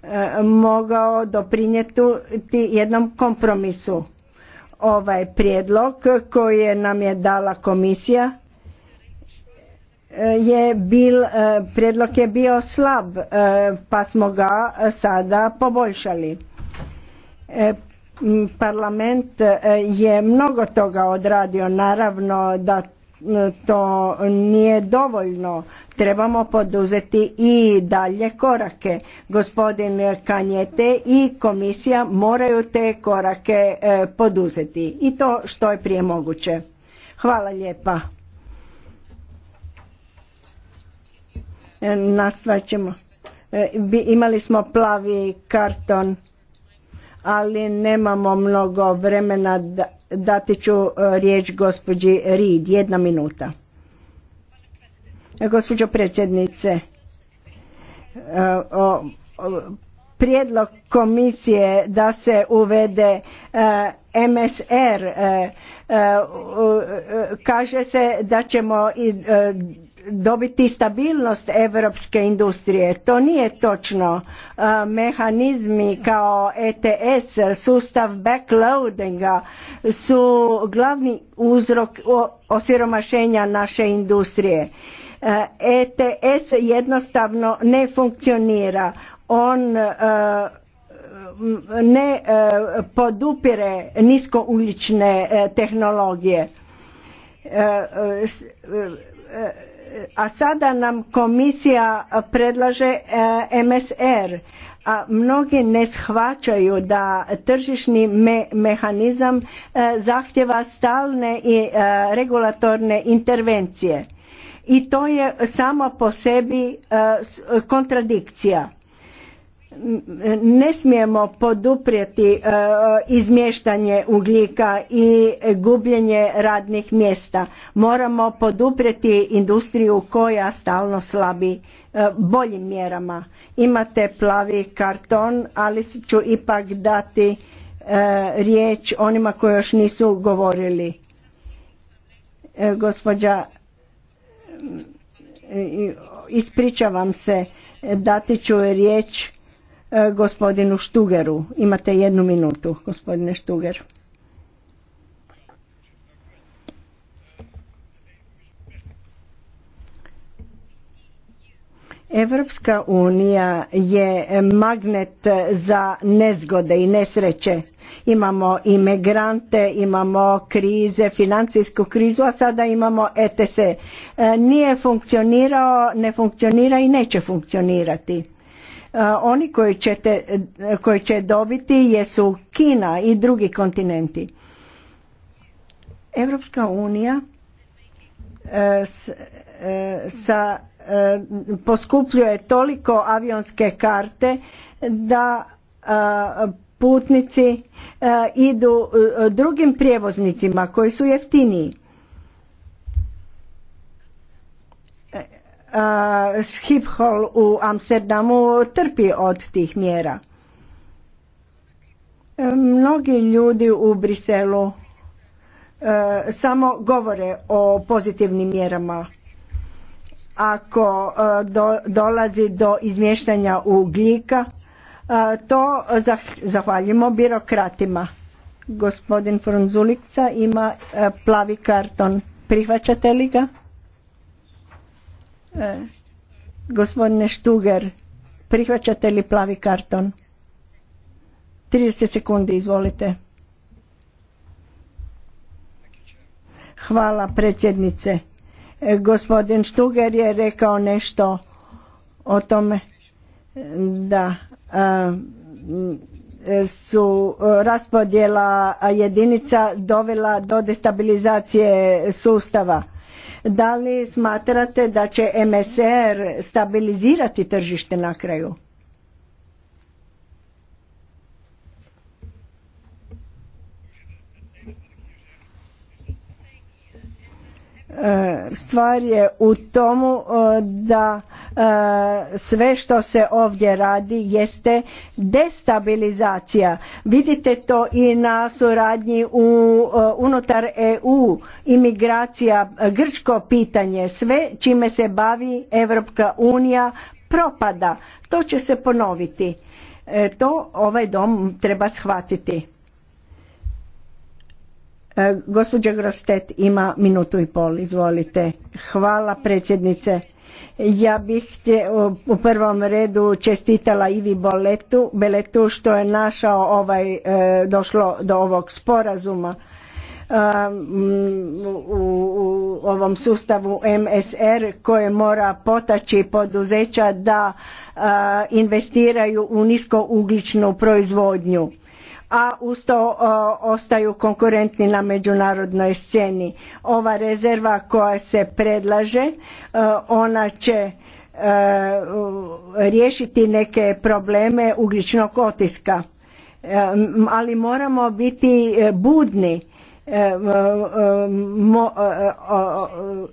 e, mogao doprinijeti jednom kompromisu. Ovaj prijedlog koji nam je dala komisija e, je bil, prijedlog je bio slab pa smo ga sada poboljšali. Parlament je mnogo toga odradio, naravno da to nije dovoljno. Trebamo poduzeti i dalje korake. Gospodin Kanjete i komisija moraju te korake e, poduzeti i to što je prije moguće. Hvala lijepa. E, nastavit ćemo. E, imali smo plavi karton ali nemamo mnogo vremena. Dati ću e, riječ gospođi Rid, jedna minuta. E, gospođo predsjednice, e, prijedlog komisije da se uvede MSR kaže se da ćemo i dobiti stabilnost europske industrije. To nije točno. E, mehanizmi kao ETS, sustav backloadinga su glavni uzrok osiromašenja naše industrije. ETS e jednostavno ne funkcionira. On e, ne podupire niskoulične tehnologije a sada nam komisija predlaže e, MSR a mnogi ne shvaćaju da tržišni mehanizam e, zahtjeva stalne i e, regulatorne intervencije i to je samo po sebi kontradikcija ne smijemo poduprijeti e, izmještanje ugljika i gubljenje radnih mjesta. Moramo poduprijeti industriju koja stalno slabi e, boljim mjerama. Imate plavi karton, ali ću ipak dati e, riječ onima koji još nisu govorili. Gospođa, ispričavam se, dati ću riječ E, gospodinu Štugeru. Imate jednu minutu, gospodine Štuger. Evropska unija je magnet za nezgode i nesreće. Imamo imigrante, imamo krize, financijsku krizu, a sada imamo ETS. E, nije funkcionirao, ne funkcionira i neće funkcionirati E, oni koji, ćete, e, koji će dobiti jesu Kina i drugi kontinenti. Europska unija e, sa poskupljuje toliko avionske karte da putnici idu drugim prijevoznicima koji su jeftiniji Eh, Schiphol u Amsterdamu trpi od tih mjera. Eh, mnogi ljudi u Briselu eh, samo govore o pozitivnim mjerama. Ako dolazi do izmještanja ugljika, to zahvaljimo birokratima. Gospodin Frunzulica ima plavi karton. Prihvaćate li ga? E, gospodine Štuger, prihvaćate li plavi karton? 30 sekundi, izvolite. Hvala predsjednice. E, gospodin Štuger je rekao nešto o tome e, da su raspodjela jedinica dovela do destabilizacije sustava da li smatrate da će MSR stabilizirati tržište na kraju? E, stvar je u tomu e, da E, sve što se ovdje radi jeste destabilizacija. Vidite to i na suradnji u, e, unutar EU, imigracija, e, grčko pitanje, sve čime se bavi Evropska unija propada. To će se ponoviti. To ovaj dom treba shvatiti. Gospođa Grostet ima minutu i pol, izvolite. Hvala predsjednice. Ja bih u prvom redu čestitala Ivi Boletu, Beletu što je našao ovaj, e, došlo do ovog sporazuma e, mm, u ovom sustavu MSR koje mora potaći poduzeća da e, investiraju u niskougličnu proizvodnju a uz to ostaju konkurentni na međunarodnoj sceni. Ova rezerva koja se predlaže, ona će e, riješiti neke probleme ugljičnog otiska. E, ali moramo biti e, budni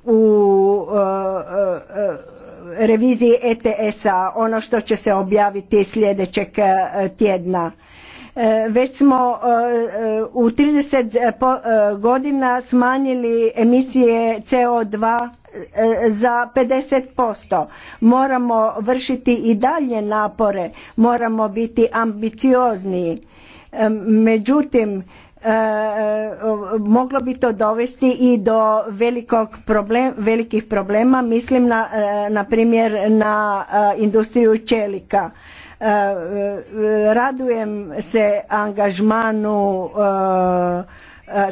u reviziji ETS-a, ono što će se objaviti sljedećeg tjedna već smo e, e, u 30 e, godina smanjili emisije CO2 za 50%. Moramo vršiti i dalje napore, moramo biti ambiciozniji. Međutim, moglo bi to dovesti i do velikog velikih problema, mislim na, na primjer na industriju čelika Eh, eh, radujem se angažmanu eh,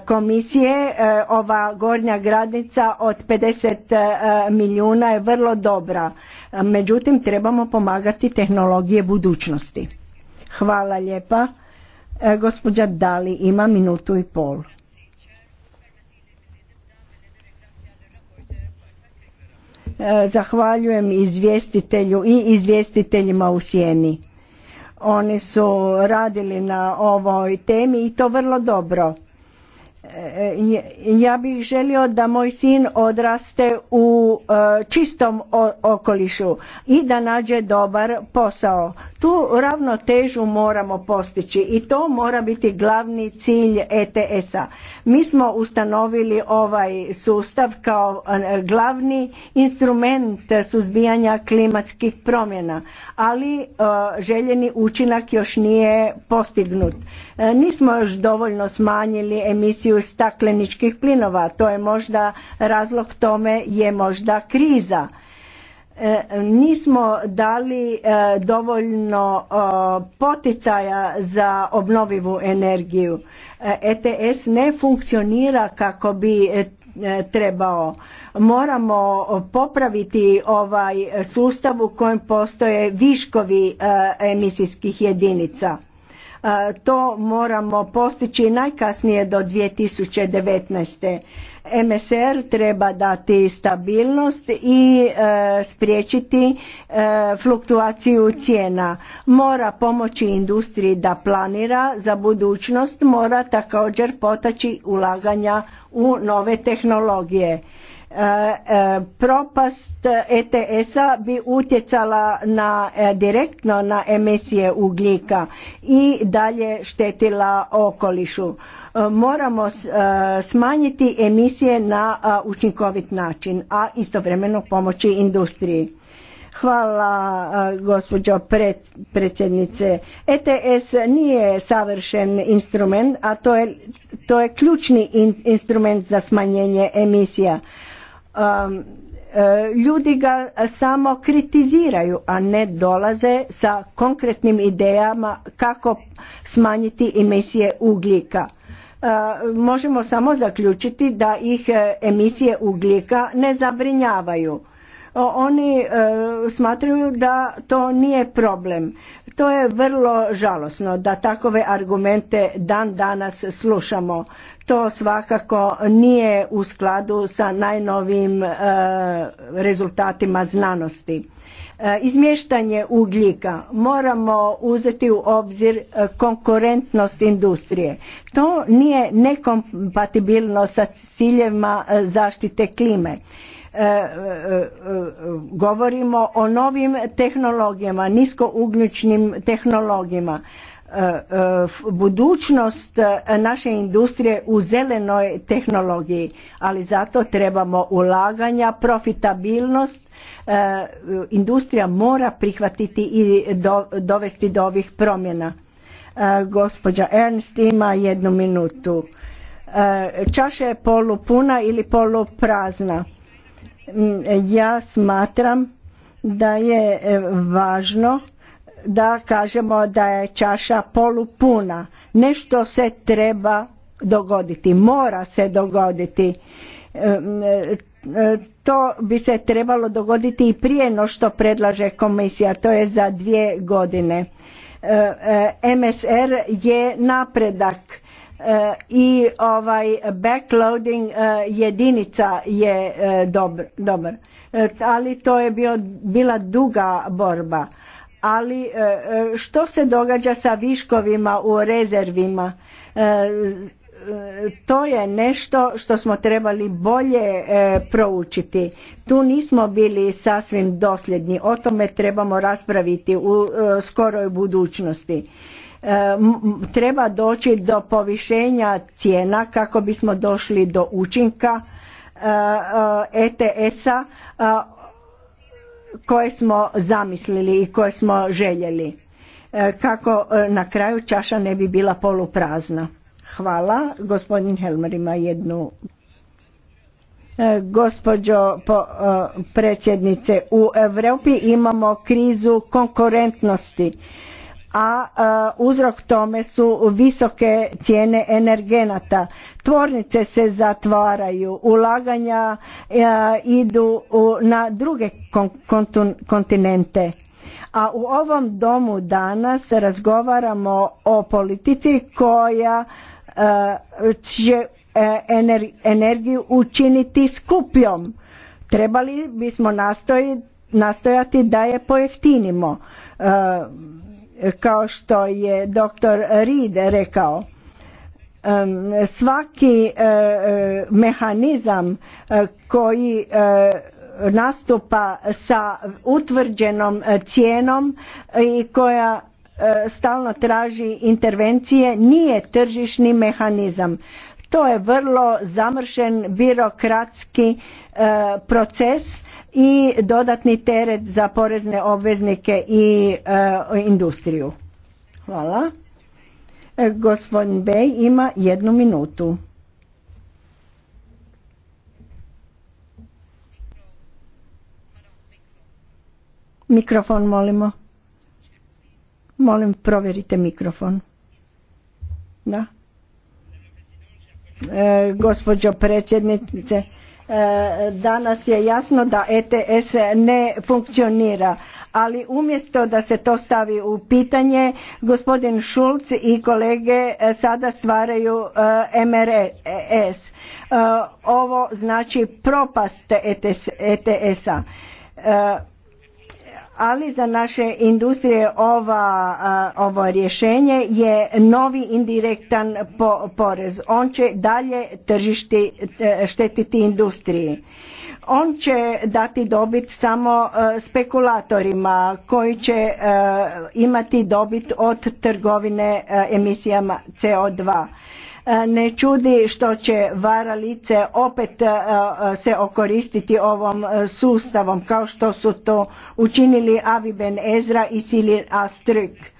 komisije. Ova gornja gradnica od 50 milijuna je vrlo dobra. Međutim, trebamo pomagati tehnologije budućnosti. Hvala lijepa. Gospođa Dali ima minutu i pol. E, zahvaljujem izvjestitelju i izvjestiteljima u sjeni. Oni su radili na ovoj temi i to vrlo dobro. E, ja bih želio da moj sin odraste u e, čistom okolišu i da nađe dobar posao. Tu ravnotežu moramo postići i to mora biti glavni cilj ETS-a. Mi smo ustanovili ovaj sustav kao e, glavni instrument suzbijanja klimatskih promjena, ali e, željeni učinak još nije postignut. E, nismo još dovoljno smanjili emisiju stakleničkih plinova, to je možda razlog tome je možda kriza E, nismo dali e, dovoljno e, poticaja za obnovivu energiju. ETS ne funkcionira kako bi trebao. Moramo popraviti ovaj sustav u kojem postoje viškovi emisijskih jedinica. To moramo postići najkasnije do 2019. MSR treba dati stabilnost i e, spriječiti e, fluktuaciju cijena. Mora pomoći industriji da planira za budućnost, mora također potaći ulaganja u nove tehnologije. E, propast ETS-a bi utjecala na, direktno na emisije ugljika i dalje štetila okolišu E, moramo e, smanjiti emisije na e, učinkovit način, a istovremeno pomoći industriji. Hvala gospođo predsjednice. ETS nije savršen instrument, a to je, ključni instrument za smanjenje emisija. Um, ljudi ga samo kritiziraju, a ne dolaze sa konkretnim idejama kako smanjiti emisije ugljika možemo samo zaključiti da ih e, emisije ugljika ne zabrinjavaju. Oni e, smatraju da to nije problem. To je vrlo žalosno da takove argumente dan danas slušamo. To svakako nije u skladu sa najnovijim e, rezultatima znanosti. E, izmještanje ugljika moramo uzeti u obzir e, konkurentnost industrije. To nije nekompatibilno sa ciljevima e, zaštite klime. Govorimo o novim tehnologijama, niskougljičnim tehnologijama E, e, budućnost e, naše industrije u zelenoj tehnologiji, ali zato trebamo ulaganja, profitabilnost, industrija mora prihvatiti i dovesti do ovih promjena. Gospođa Ernst ima jednu minutu. Čaša je polupuna ili poluprazna. Mm, ja smatram da je važno da kažemo da je čaša polupuna. Nešto se treba dogoditi, mora se dogoditi. E, e, to bi se trebalo dogoditi i prije no što predlaže komisija, to je za dvije godine. E, MSR je napredak i ovaj backloading jedinica je dobar, ali to je bila duga borba ali e, e, što se događa sa viškovima u rezervima e, to je nešto što smo trebali bolje proučiti tu nismo bili sasvim dosljedni o tome trebamo raspraviti u skoroj budućnosti treba doći do povišenja cijena kako bismo došli do učinka ETS-a koje smo zamislili i koje smo željeli e, kako e, na kraju čaša ne bi bila poluprazna. Hvala. Gospodin Helmer ima jednu e, gospođo predsjednice u Europi imamo krizu konkurentnosti a e, uzrok tome su visoke cijene energenata. Tvornice se zatvaraju, ulaganja e, idu na druge kontinente. A u ovom domu danas razgovaramo o politici koja e, će energiju učiniti skupljom. Trebali bismo nastojati da je pojeftinimo kao što je dr. Reed rekao svaki e, e, mehanizam e, koji nastupa sa utvrđenom cijenom i koja stalno traži intervencije nije tržišni mehanizam. To je vrlo zamršen birokratski proces i dodatni teret za porezne obveznike i e, industriju. Hvala. E, gospodin Bej ima jednu minutu. Mikrofon molimo. Molim, provjerite mikrofon. Da. E, gospođo predsjednice, Eh, danas je jasno da ETS ne funkcionira, ali umjesto da se to stavi u pitanje, gospodin Šulc i kolege eh, sada stvaraju eh, MRS. E ovo znači propast ETS-a. E ali za naše industrije ova, ovo rješenje je novi indirektan porez. On će dalje tržišti e, štetiti industriji. On će dati dobit samo e, spekulatorima koji će e, imati dobit od trgovine emisijama CO2 E, ne čudi što će varalice opet e, e, se okoristiti ovom sustavom kao što su to učinili Avi Ben Ezra i Silir Astrik.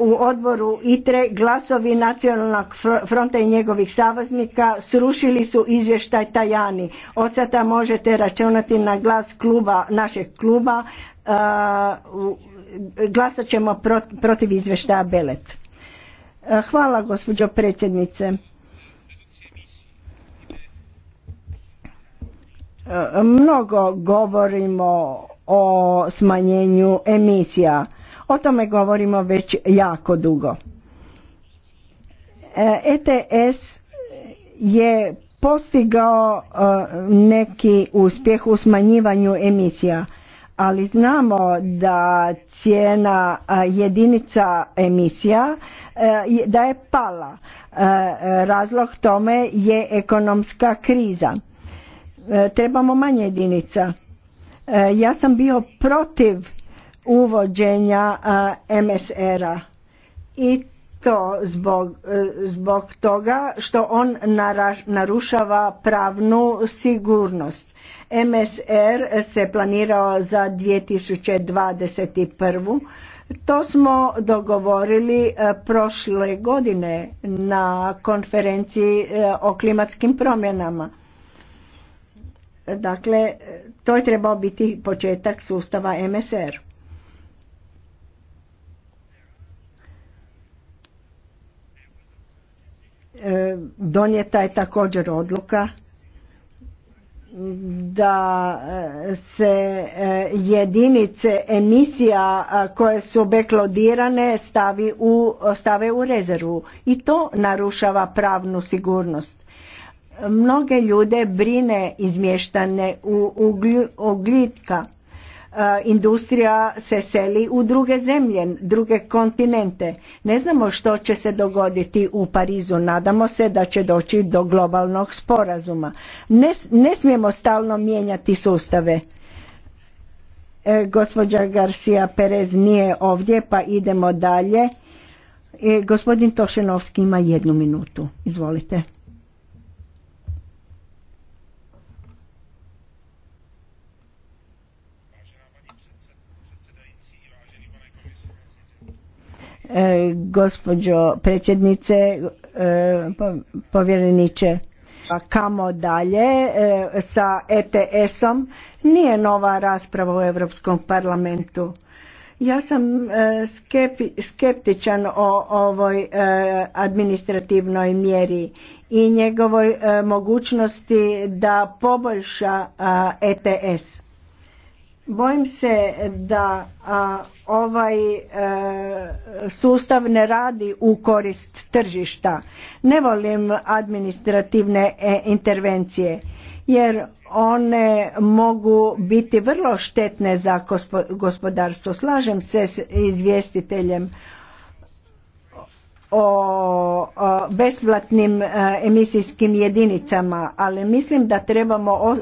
u odboru ITRE glasovi nacionalnog fronta i njegovih saveznika srušili su izvještaj Tajani. Od sada možete računati na glas kluba, našeg kluba. glasat ćemo protiv izvještaja Belet. E, hvala gospođo predsjednice. E, mnogo govorimo o smanjenju emisija. O tome govorimo već jako dugo. ETS e je postigao neki uspjeh u smanjivanju emisija ali znamo da cijena jedinica emisija e, da je pala. E, razlog tome je ekonomska kriza. E, trebamo manje jedinica. Ja sam bio protiv uvođenja MSR-a i to zbog, zbog toga što on narušava pravnu sigurnost MSR se planirao za 2021. To smo dogovorili e, prošle godine na konferenciji e, o klimatskim promjenama. Dakle, to je trebao biti početak sustava MSR. E, donijeta je također odluka da e, se e, jedinice emisija koje su beklodirane stavi u, stave u rezervu i to narušava pravnu sigurnost. Mnoge ljude brine izmještane u ugljitka E, industrija se seli u druge zemlje, druge kontinente. Ne znamo što će se dogoditi u Parizu, nadamo se da će doći do globalnog sporazuma. Ne, smijemo stalno mijenjati sustave. E, gospođa Garcia Perez nije ovdje, pa idemo dalje. E, gospodin Tošenovski ima jednu minutu. Izvolite. E, gospođo predsjednice, e, povjereniče. Pa kamo dalje e, sa ETS-om nije nova rasprava u Europskom parlamentu. Ja sam skeptičan o ovoj administrativnoj mjeri i njegovoj mogućnosti da poboljša ETS. Bojim se da ovaj e, sustav ne radi u korist tržišta. Ne volim administrativne e, intervencije jer one mogu biti vrlo štetne za gospodarstvo. Slažem se s izvjestiteljem o besplatnim e, emisijskim jedinicama, ali mislim da trebamo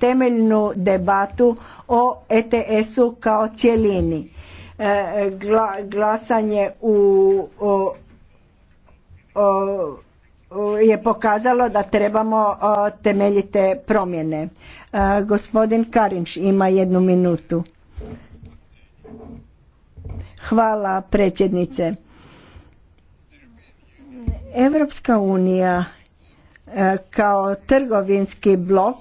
temeljnu debatu o ETS-u kao cjelini. E, glasanje u je pokazalo da trebamo temeljite promjene. E, gospodin Karinč ima jednu minutu. Hvala predsjednice. Evropska unija e, kao trgovinski blok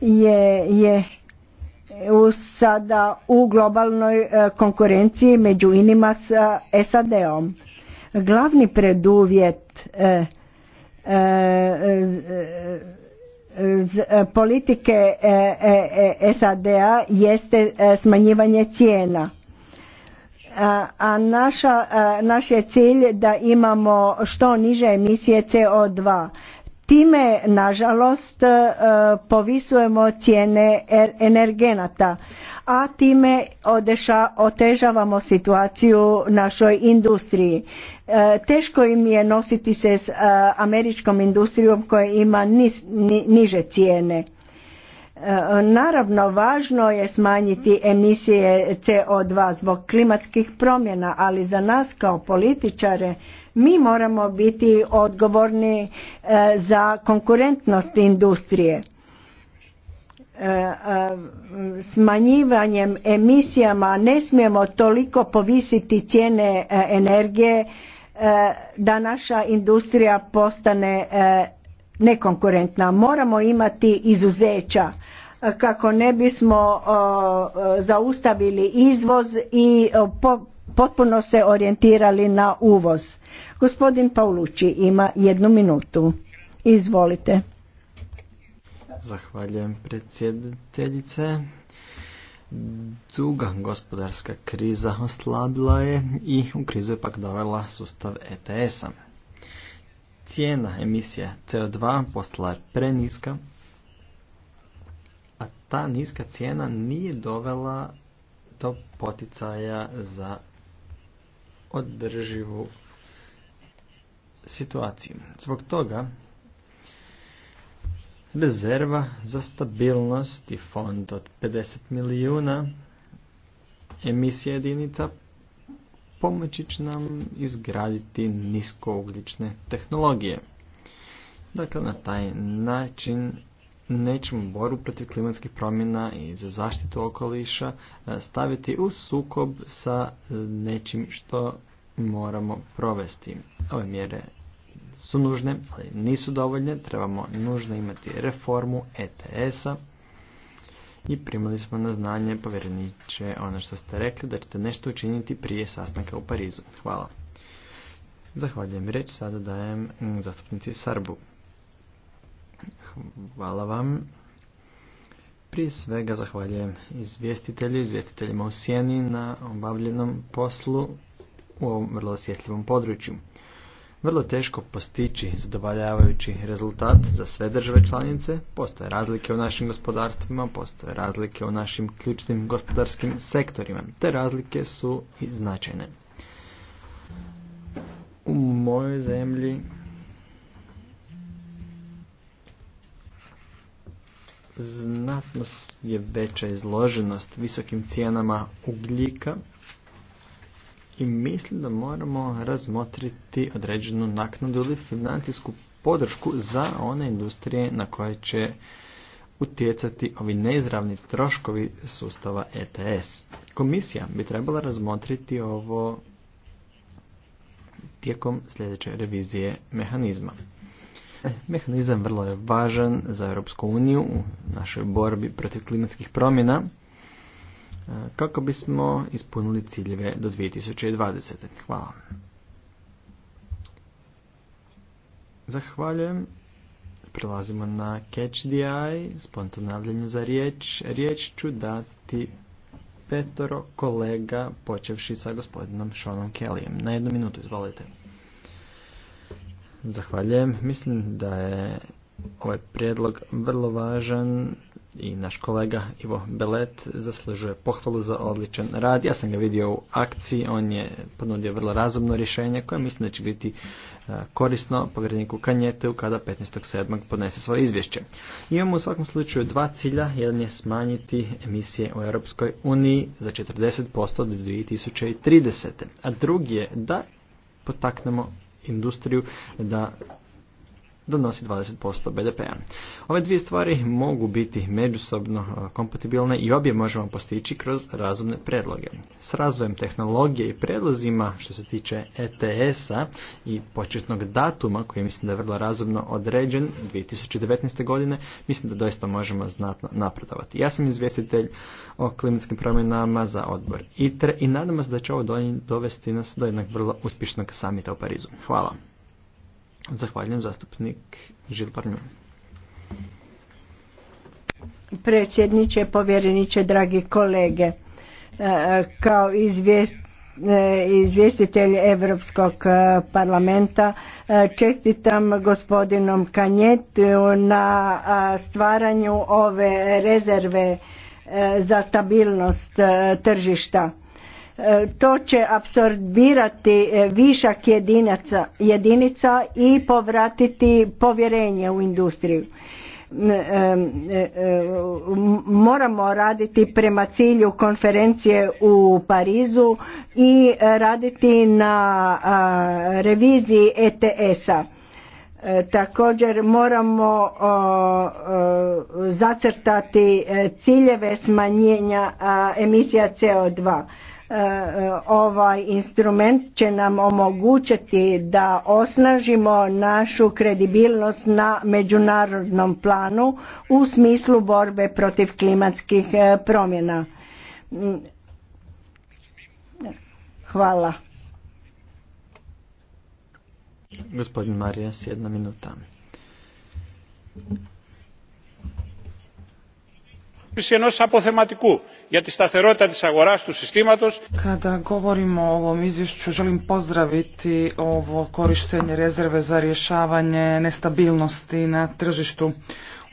je, je sada u globalnoj e, konkurenciji među inima s e, SAD-om. Glavni preduvjet e, politike SAD-a jeste smanjivanje cijena. A naš je cilj da imamo što niže emisije CO2 Time, nažalost, e, povisujemo cijene er- energenata, a time odeša, otežavamo situaciju našoj industriji. E, teško im je nositi se s e, američkom industrijom koja ima niže cijene. Naravno, važno je smanjiti emisije CO2 zbog klimatskih promjena, ali za nas kao političare mi moramo biti odgovorni e, za konkurentnost industrije. E, e, smanjivanjem emisijama ne smijemo toliko povisiti cijene energije da naša industrija postane nekonkurentna. Moramo imati izuzeća kako ne bismo zaustavili izvoz i potpuno se orijentirali na uvoz. Gospodin Paulući ima jednu minutu. Izvolite. Zahvaljujem predsjedateljice. Duga gospodarska kriza oslabila je i u krizu je pak dovela sustav ETS-a. Cijena emisije CO2 postala je preniska, a ta niska cijena nije dovela do poticaja za održivu situaciju. Zbog toga rezerva za stabilnost i fond od 50 milijuna emisije jedinica pomoći će nam izgraditi niskougljične tehnologije. Dakle, na taj način nećemo boru protiv klimatskih promjena i za zaštitu okoliša e, staviti u sukob sa e, nečim što moramo provesti. Ove mjere su nužne, ali nisu dovoljne. Trebamo nužno imati reformu ETS-a i primali smo na znanje povjereniče ono što ste rekli da ćete nešto učiniti prije sastanka u Parizu. Hvala. Zahvaljujem reč, sada dajem mm, zastupnici Sarbu. Hvala vam. Prije svega zahvaljujem izvjestitelju, izvjestiteljima u Sjeni na obavljenom poslu u ovom vrlo osjetljivom području. Vrlo teško postići zadovoljavajući rezultat za sve države članice, postoje razlike u našim gospodarstvima, postoje razlike u našim ključnim gospodarskim sektorima, te razlike su i značajne. U mojoj zemlji znatno je veća izloženost visokim cijenama ugljika i mislim da moramo razmotriti određenu naknadu ili financijsku podršku za one industrije na koje će utjecati ovi neizravni troškovi sustava ETS. Komisija bi trebala razmotriti ovo tijekom sljedeće revizije mehanizma. *laughs* Mehanizam vrlo je važan za Europsku uniju u našoj borbi protiv klimatskih promjena e, kako bismo ispunili ciljeve do 2020. Hvala. Zahvaljujem. Prelazimo na Catch the Eye, spontanavljanje za riječ. Riječ ću dati petoro kolega, počevši sa gospodinom Seanom Kellyem. Na jednu minutu, izvolite. Zahvaljujem. Mislim da je ovaj prijedlog vrlo važan i naš kolega Ivo Belet zaslužuje pohvalu za odličan rad. Ja sam ga vidio u akciji, on je ponudio vrlo razumno rješenje koje mislim da će biti e, korisno povjereniku Kanjetu kada 15.7. podnese svoje izvješće. Imamo u svakom slučaju dva cilja, jedan je smanjiti emisije u Europskoj uniji za 40% do 2030. A drugi je da potaknemo industriju da donosi 20% BDP-a. Ove dvije stvari mogu biti međusobno e, kompatibilne i obje možemo postići kroz razumne predloge. S razvojem tehnologije i predlozima što se tiče ETS-a i početnog datuma koji mislim da je vrlo razumno određen 2019. godine, mislim da doista možemo znatno napredovati. Ja sam izvjestitelj o klimatskim promjenama za odbor ITRE i nadamo se da će ovo dovesti nas do jednog vrlo uspješnog samita u Parizu. Hvala. Zahvaljujem zastupnik Žil Predsjedniče, povjereniče, dragi kolege, e, kao e, izvjestitelj Europskog e, parlamenta čestitam gospodinom Kanjetu na stvaranju ove rezerve za stabilnost tržišta E, to će apsorbirati e, višak jedinica i povratiti povjerenje u industriju. E, moramo raditi prema cilju konferencije u Parizu i raditi na reviziji ETS-a. Također moramo zacrtati ciljeve smanjenja emisija CO2 E, ovaj instrument će nam omogućiti da osnažimo našu kredibilnost na međunarodnom planu u smislu borbe protiv klimatskih e, promjena. Mm. Hvala. Gospodin Marijas, jedna minuta για τη σταθερότητα Kada govorimo o ovom izvješću želim pozdraviti ovo korištenje rezerve za rješavanje nestabilnosti na tržištu.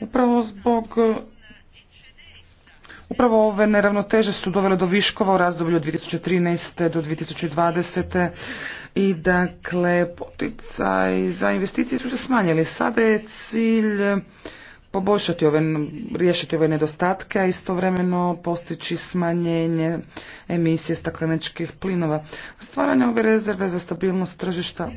Upravo zbog Upravo ove neravnoteže su dovele do viškova u razdoblju od 2013. do 2020. i dakle poticaj za investicije su se smanjili. Sada je cilj poboljšati ove, riješiti ove nedostatke, a istovremeno postići smanjenje emisije stakleničkih plinova. Stvaranje ove rezerve za stabilnost tržišta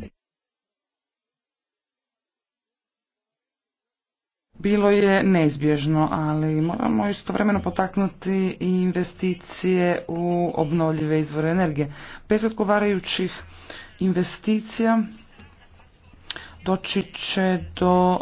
bilo je neizbježno, ali moramo istovremeno potaknuti i investicije u obnovljive izvore energije. Bez odgovarajućih investicija doći će do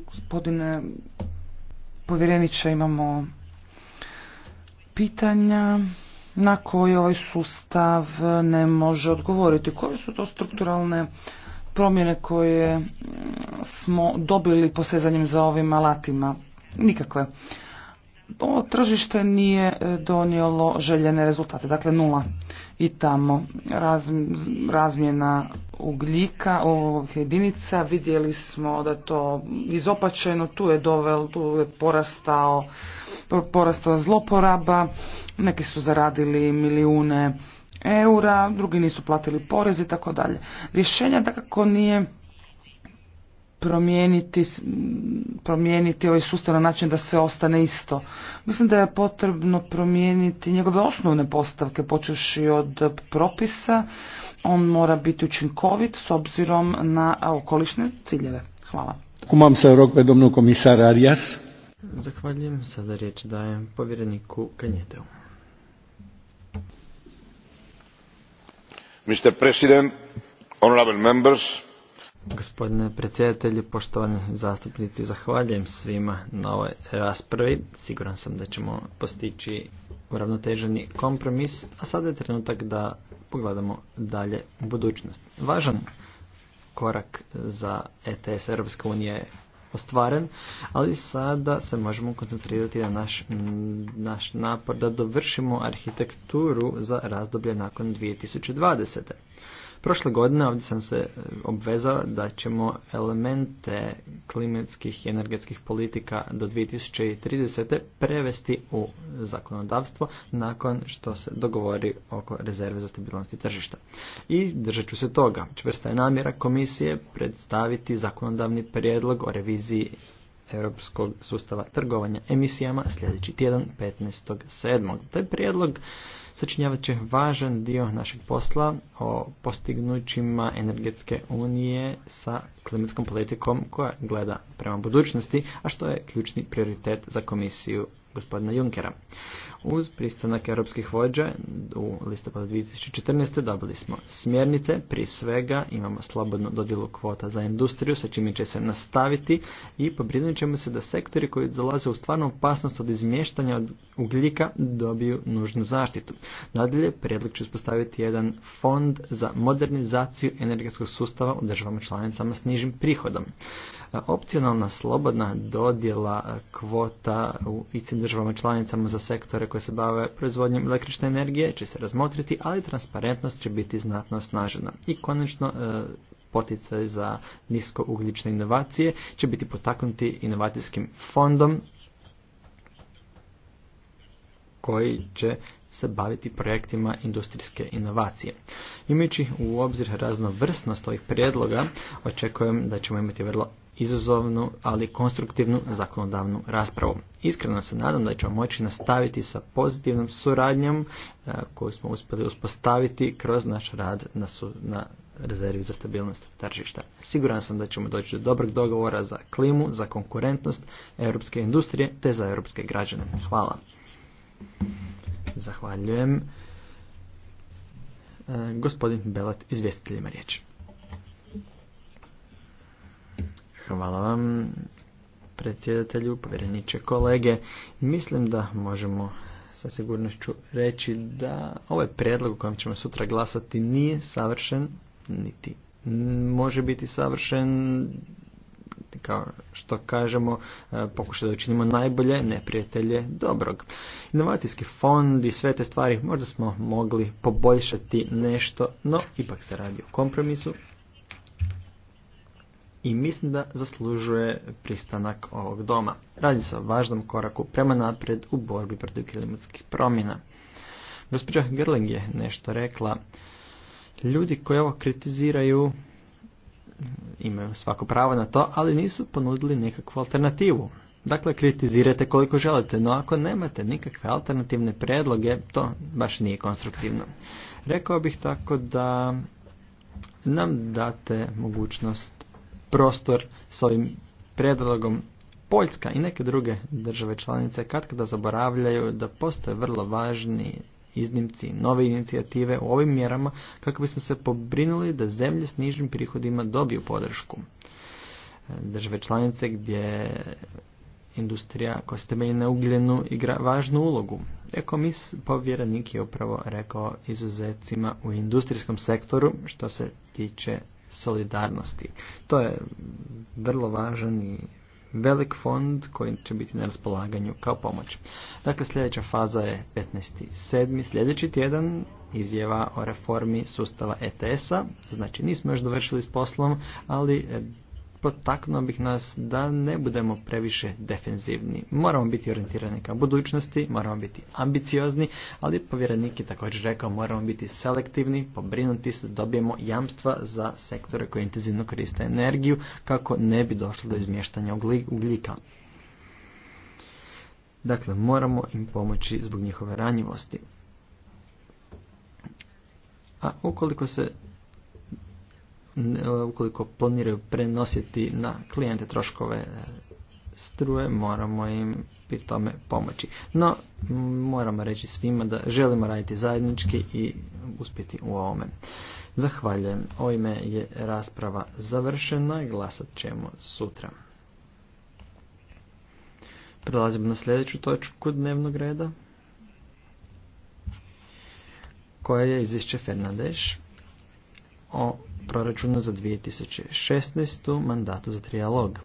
Gospodine povjereniče, imamo pitanja na koje ovaj sustav ne može odgovoriti. Koje su to strukturalne promjene koje smo dobili posezanjem za ovim alatima? Nikakve. Ovo tržište nije e, donijelo željene rezultate, dakle nula i tamo. razmjena ugljika ovih jedinica, vidjeli smo da to izopačeno, tu je dovel, tu je porastao, zloporaba, neki su zaradili milijune eura, drugi nisu platili porez i tako dalje. Rješenja dakako nije promijeniti, promijeniti ovaj sustav na način da sve ostane isto. Mislim da je potrebno promijeniti njegove osnovne postavke, počeši od propisa. On mora biti učinkovit s obzirom na okolišne ciljeve. Hvala. Kumam se rok vedomno komisar Arias. Zahvaljujem. Sada riječ dajem povjereniku Kanjedeu. Mr. President, honorable members, Gospodine predsjedatelji, poštovani zastupnici, zahvaljujem svima na ovoj raspravi. Siguran sam da ćemo postići uravnoteženi kompromis, a sada je trenutak da pogledamo dalje u budućnost. Važan korak za ETS EU je ostvaren, ali sada se možemo koncentrirati na naš, naš napor da dovršimo arhitekturu za razdoblje nakon 2020. Prošle godine ovdje sam se eh, obvezao da ćemo elemente klimatskih i energetskih politika do 2030. prevesti u zakonodavstvo nakon što se dogovori oko rezerve za stabilnosti tržišta. I držat ću se toga. Čvrsta je namjera komisije predstaviti zakonodavni prijedlog o reviziji europskog sustava trgovanja emisijama sljedeći tjedan 15.7. Taj prijedlog sačinjavat će važan dio našeg posla o postignućima energetske unije sa klimatskom politikom koja gleda prema budućnosti, a što je ključni prioritet za komisiju gospodina Junkera. Uz pristanak europskih vođa u listopadu 2014. dobili smo smjernice, prije svega imamo slobodnu dodjelu kvota za industriju, sa čime će se nastaviti i pobrinut ćemo se da sektori koji dolaze u stvarnu opasnost od izmještanja od ugljika dobiju nužnu zaštitu. Nadalje, prijedlog će uspostaviti jedan fond za modernizaciju energetskog sustava u državama članicama s nižim prihodom opcionalna slobodna dodjela kvota u istim državama članicama za sektore koje se bave proizvodnjom električne energije će se razmotriti, ali transparentnost će biti znatno osnažena. I konačno e, poticaj za niskougljične inovacije će biti potaknuti inovacijskim fondom koji će se baviti projektima industrijske inovacije. Imajući u obzir raznovrsnost ovih prijedloga, očekujem da ćemo imati vrlo izazovnu, ali konstruktivnu zakonodavnu raspravu. Iskreno se nadam da ćemo moći nastaviti sa pozitivnom suradnjom e, koju smo uspjeli uspostaviti kroz naš rad na, na rezervi za stabilnost tržišta. Siguran sam da ćemo doći do dobrog dogovora za klimu, za konkurentnost europske industrije te za europske građane. Hvala. Zahvaljujem. E, gospodin Belat, izvjestiteljima riječi. Hvala vam predsjedatelju, povjereniče kolege. Mislim da možemo sa sigurnošću reći da ovaj prijedlog o kojem ćemo sutra glasati nije savršen, niti može biti savršen, kao što kažemo, e, pokušati da učinimo najbolje, neprijatelje dobrog. Inovacijski fond i sve te stvari možda smo mogli poboljšati nešto, no ipak se radi o kompromisu i mislim da zaslužuje pristanak ovog doma. Radi se o važnom koraku prema naprijed u borbi protiv klimatskih promjena. Gospođa Gerling je nešto rekla. Ljudi koji ovo kritiziraju imaju svako pravo na to, ali nisu ponudili nekakvu alternativu. Dakle, kritizirajte koliko želite, no ako nemate nikakve alternativne predloge, to baš nije konstruktivno. Rekao bih tako da nam date mogućnost prostor s ovim predlogom Poljska i neke druge države članice kada zaboravljaju da postoje vrlo važni iznimci nove inicijative u ovim mjerama kako bismo se pobrinuli da zemlje s nižim prihodima dobiju podršku. E, države članice gdje industrija koja se temelji na ugljenu igra važnu ulogu. Ekomis povjerenik je upravo rekao izuzetcima u industrijskom sektoru što se tiče solidarnosti. To je vrlo važan i velik fond koji će biti na raspolaganju kao pomoć. Dakle, sljedeća faza je 15.7. Sljedeći tjedan izjava o reformi sustava ETS-a. Znači, nismo još dovršili s poslom, ali potaknuo bih nas da ne budemo previše defensivni. Moramo biti orijentirani ka budućnosti, moramo biti ambiciozni, ali povjerenik je također rekao moramo biti selektivni, pobrinuti se da dobijemo jamstva za sektore koje intenzivno koriste energiju kako ne bi došlo do izmještanja ugljika. Dakle, moramo im pomoći zbog njihove ranjivosti. A ukoliko se E, ukoliko planiraju prenositi na klijente troškove e, struje, moramo im pri tome pomoći. No, moramo reći svima da želimo raditi zajednički i uspjeti u ovome. Zahvaljujem. Ovime je rasprava završena i glasat ćemo sutra. Prelazimo na sljedeću točku dnevnog reda koja je izvješće Fernandeš o proračunu za 2016. mandatu za trijalog.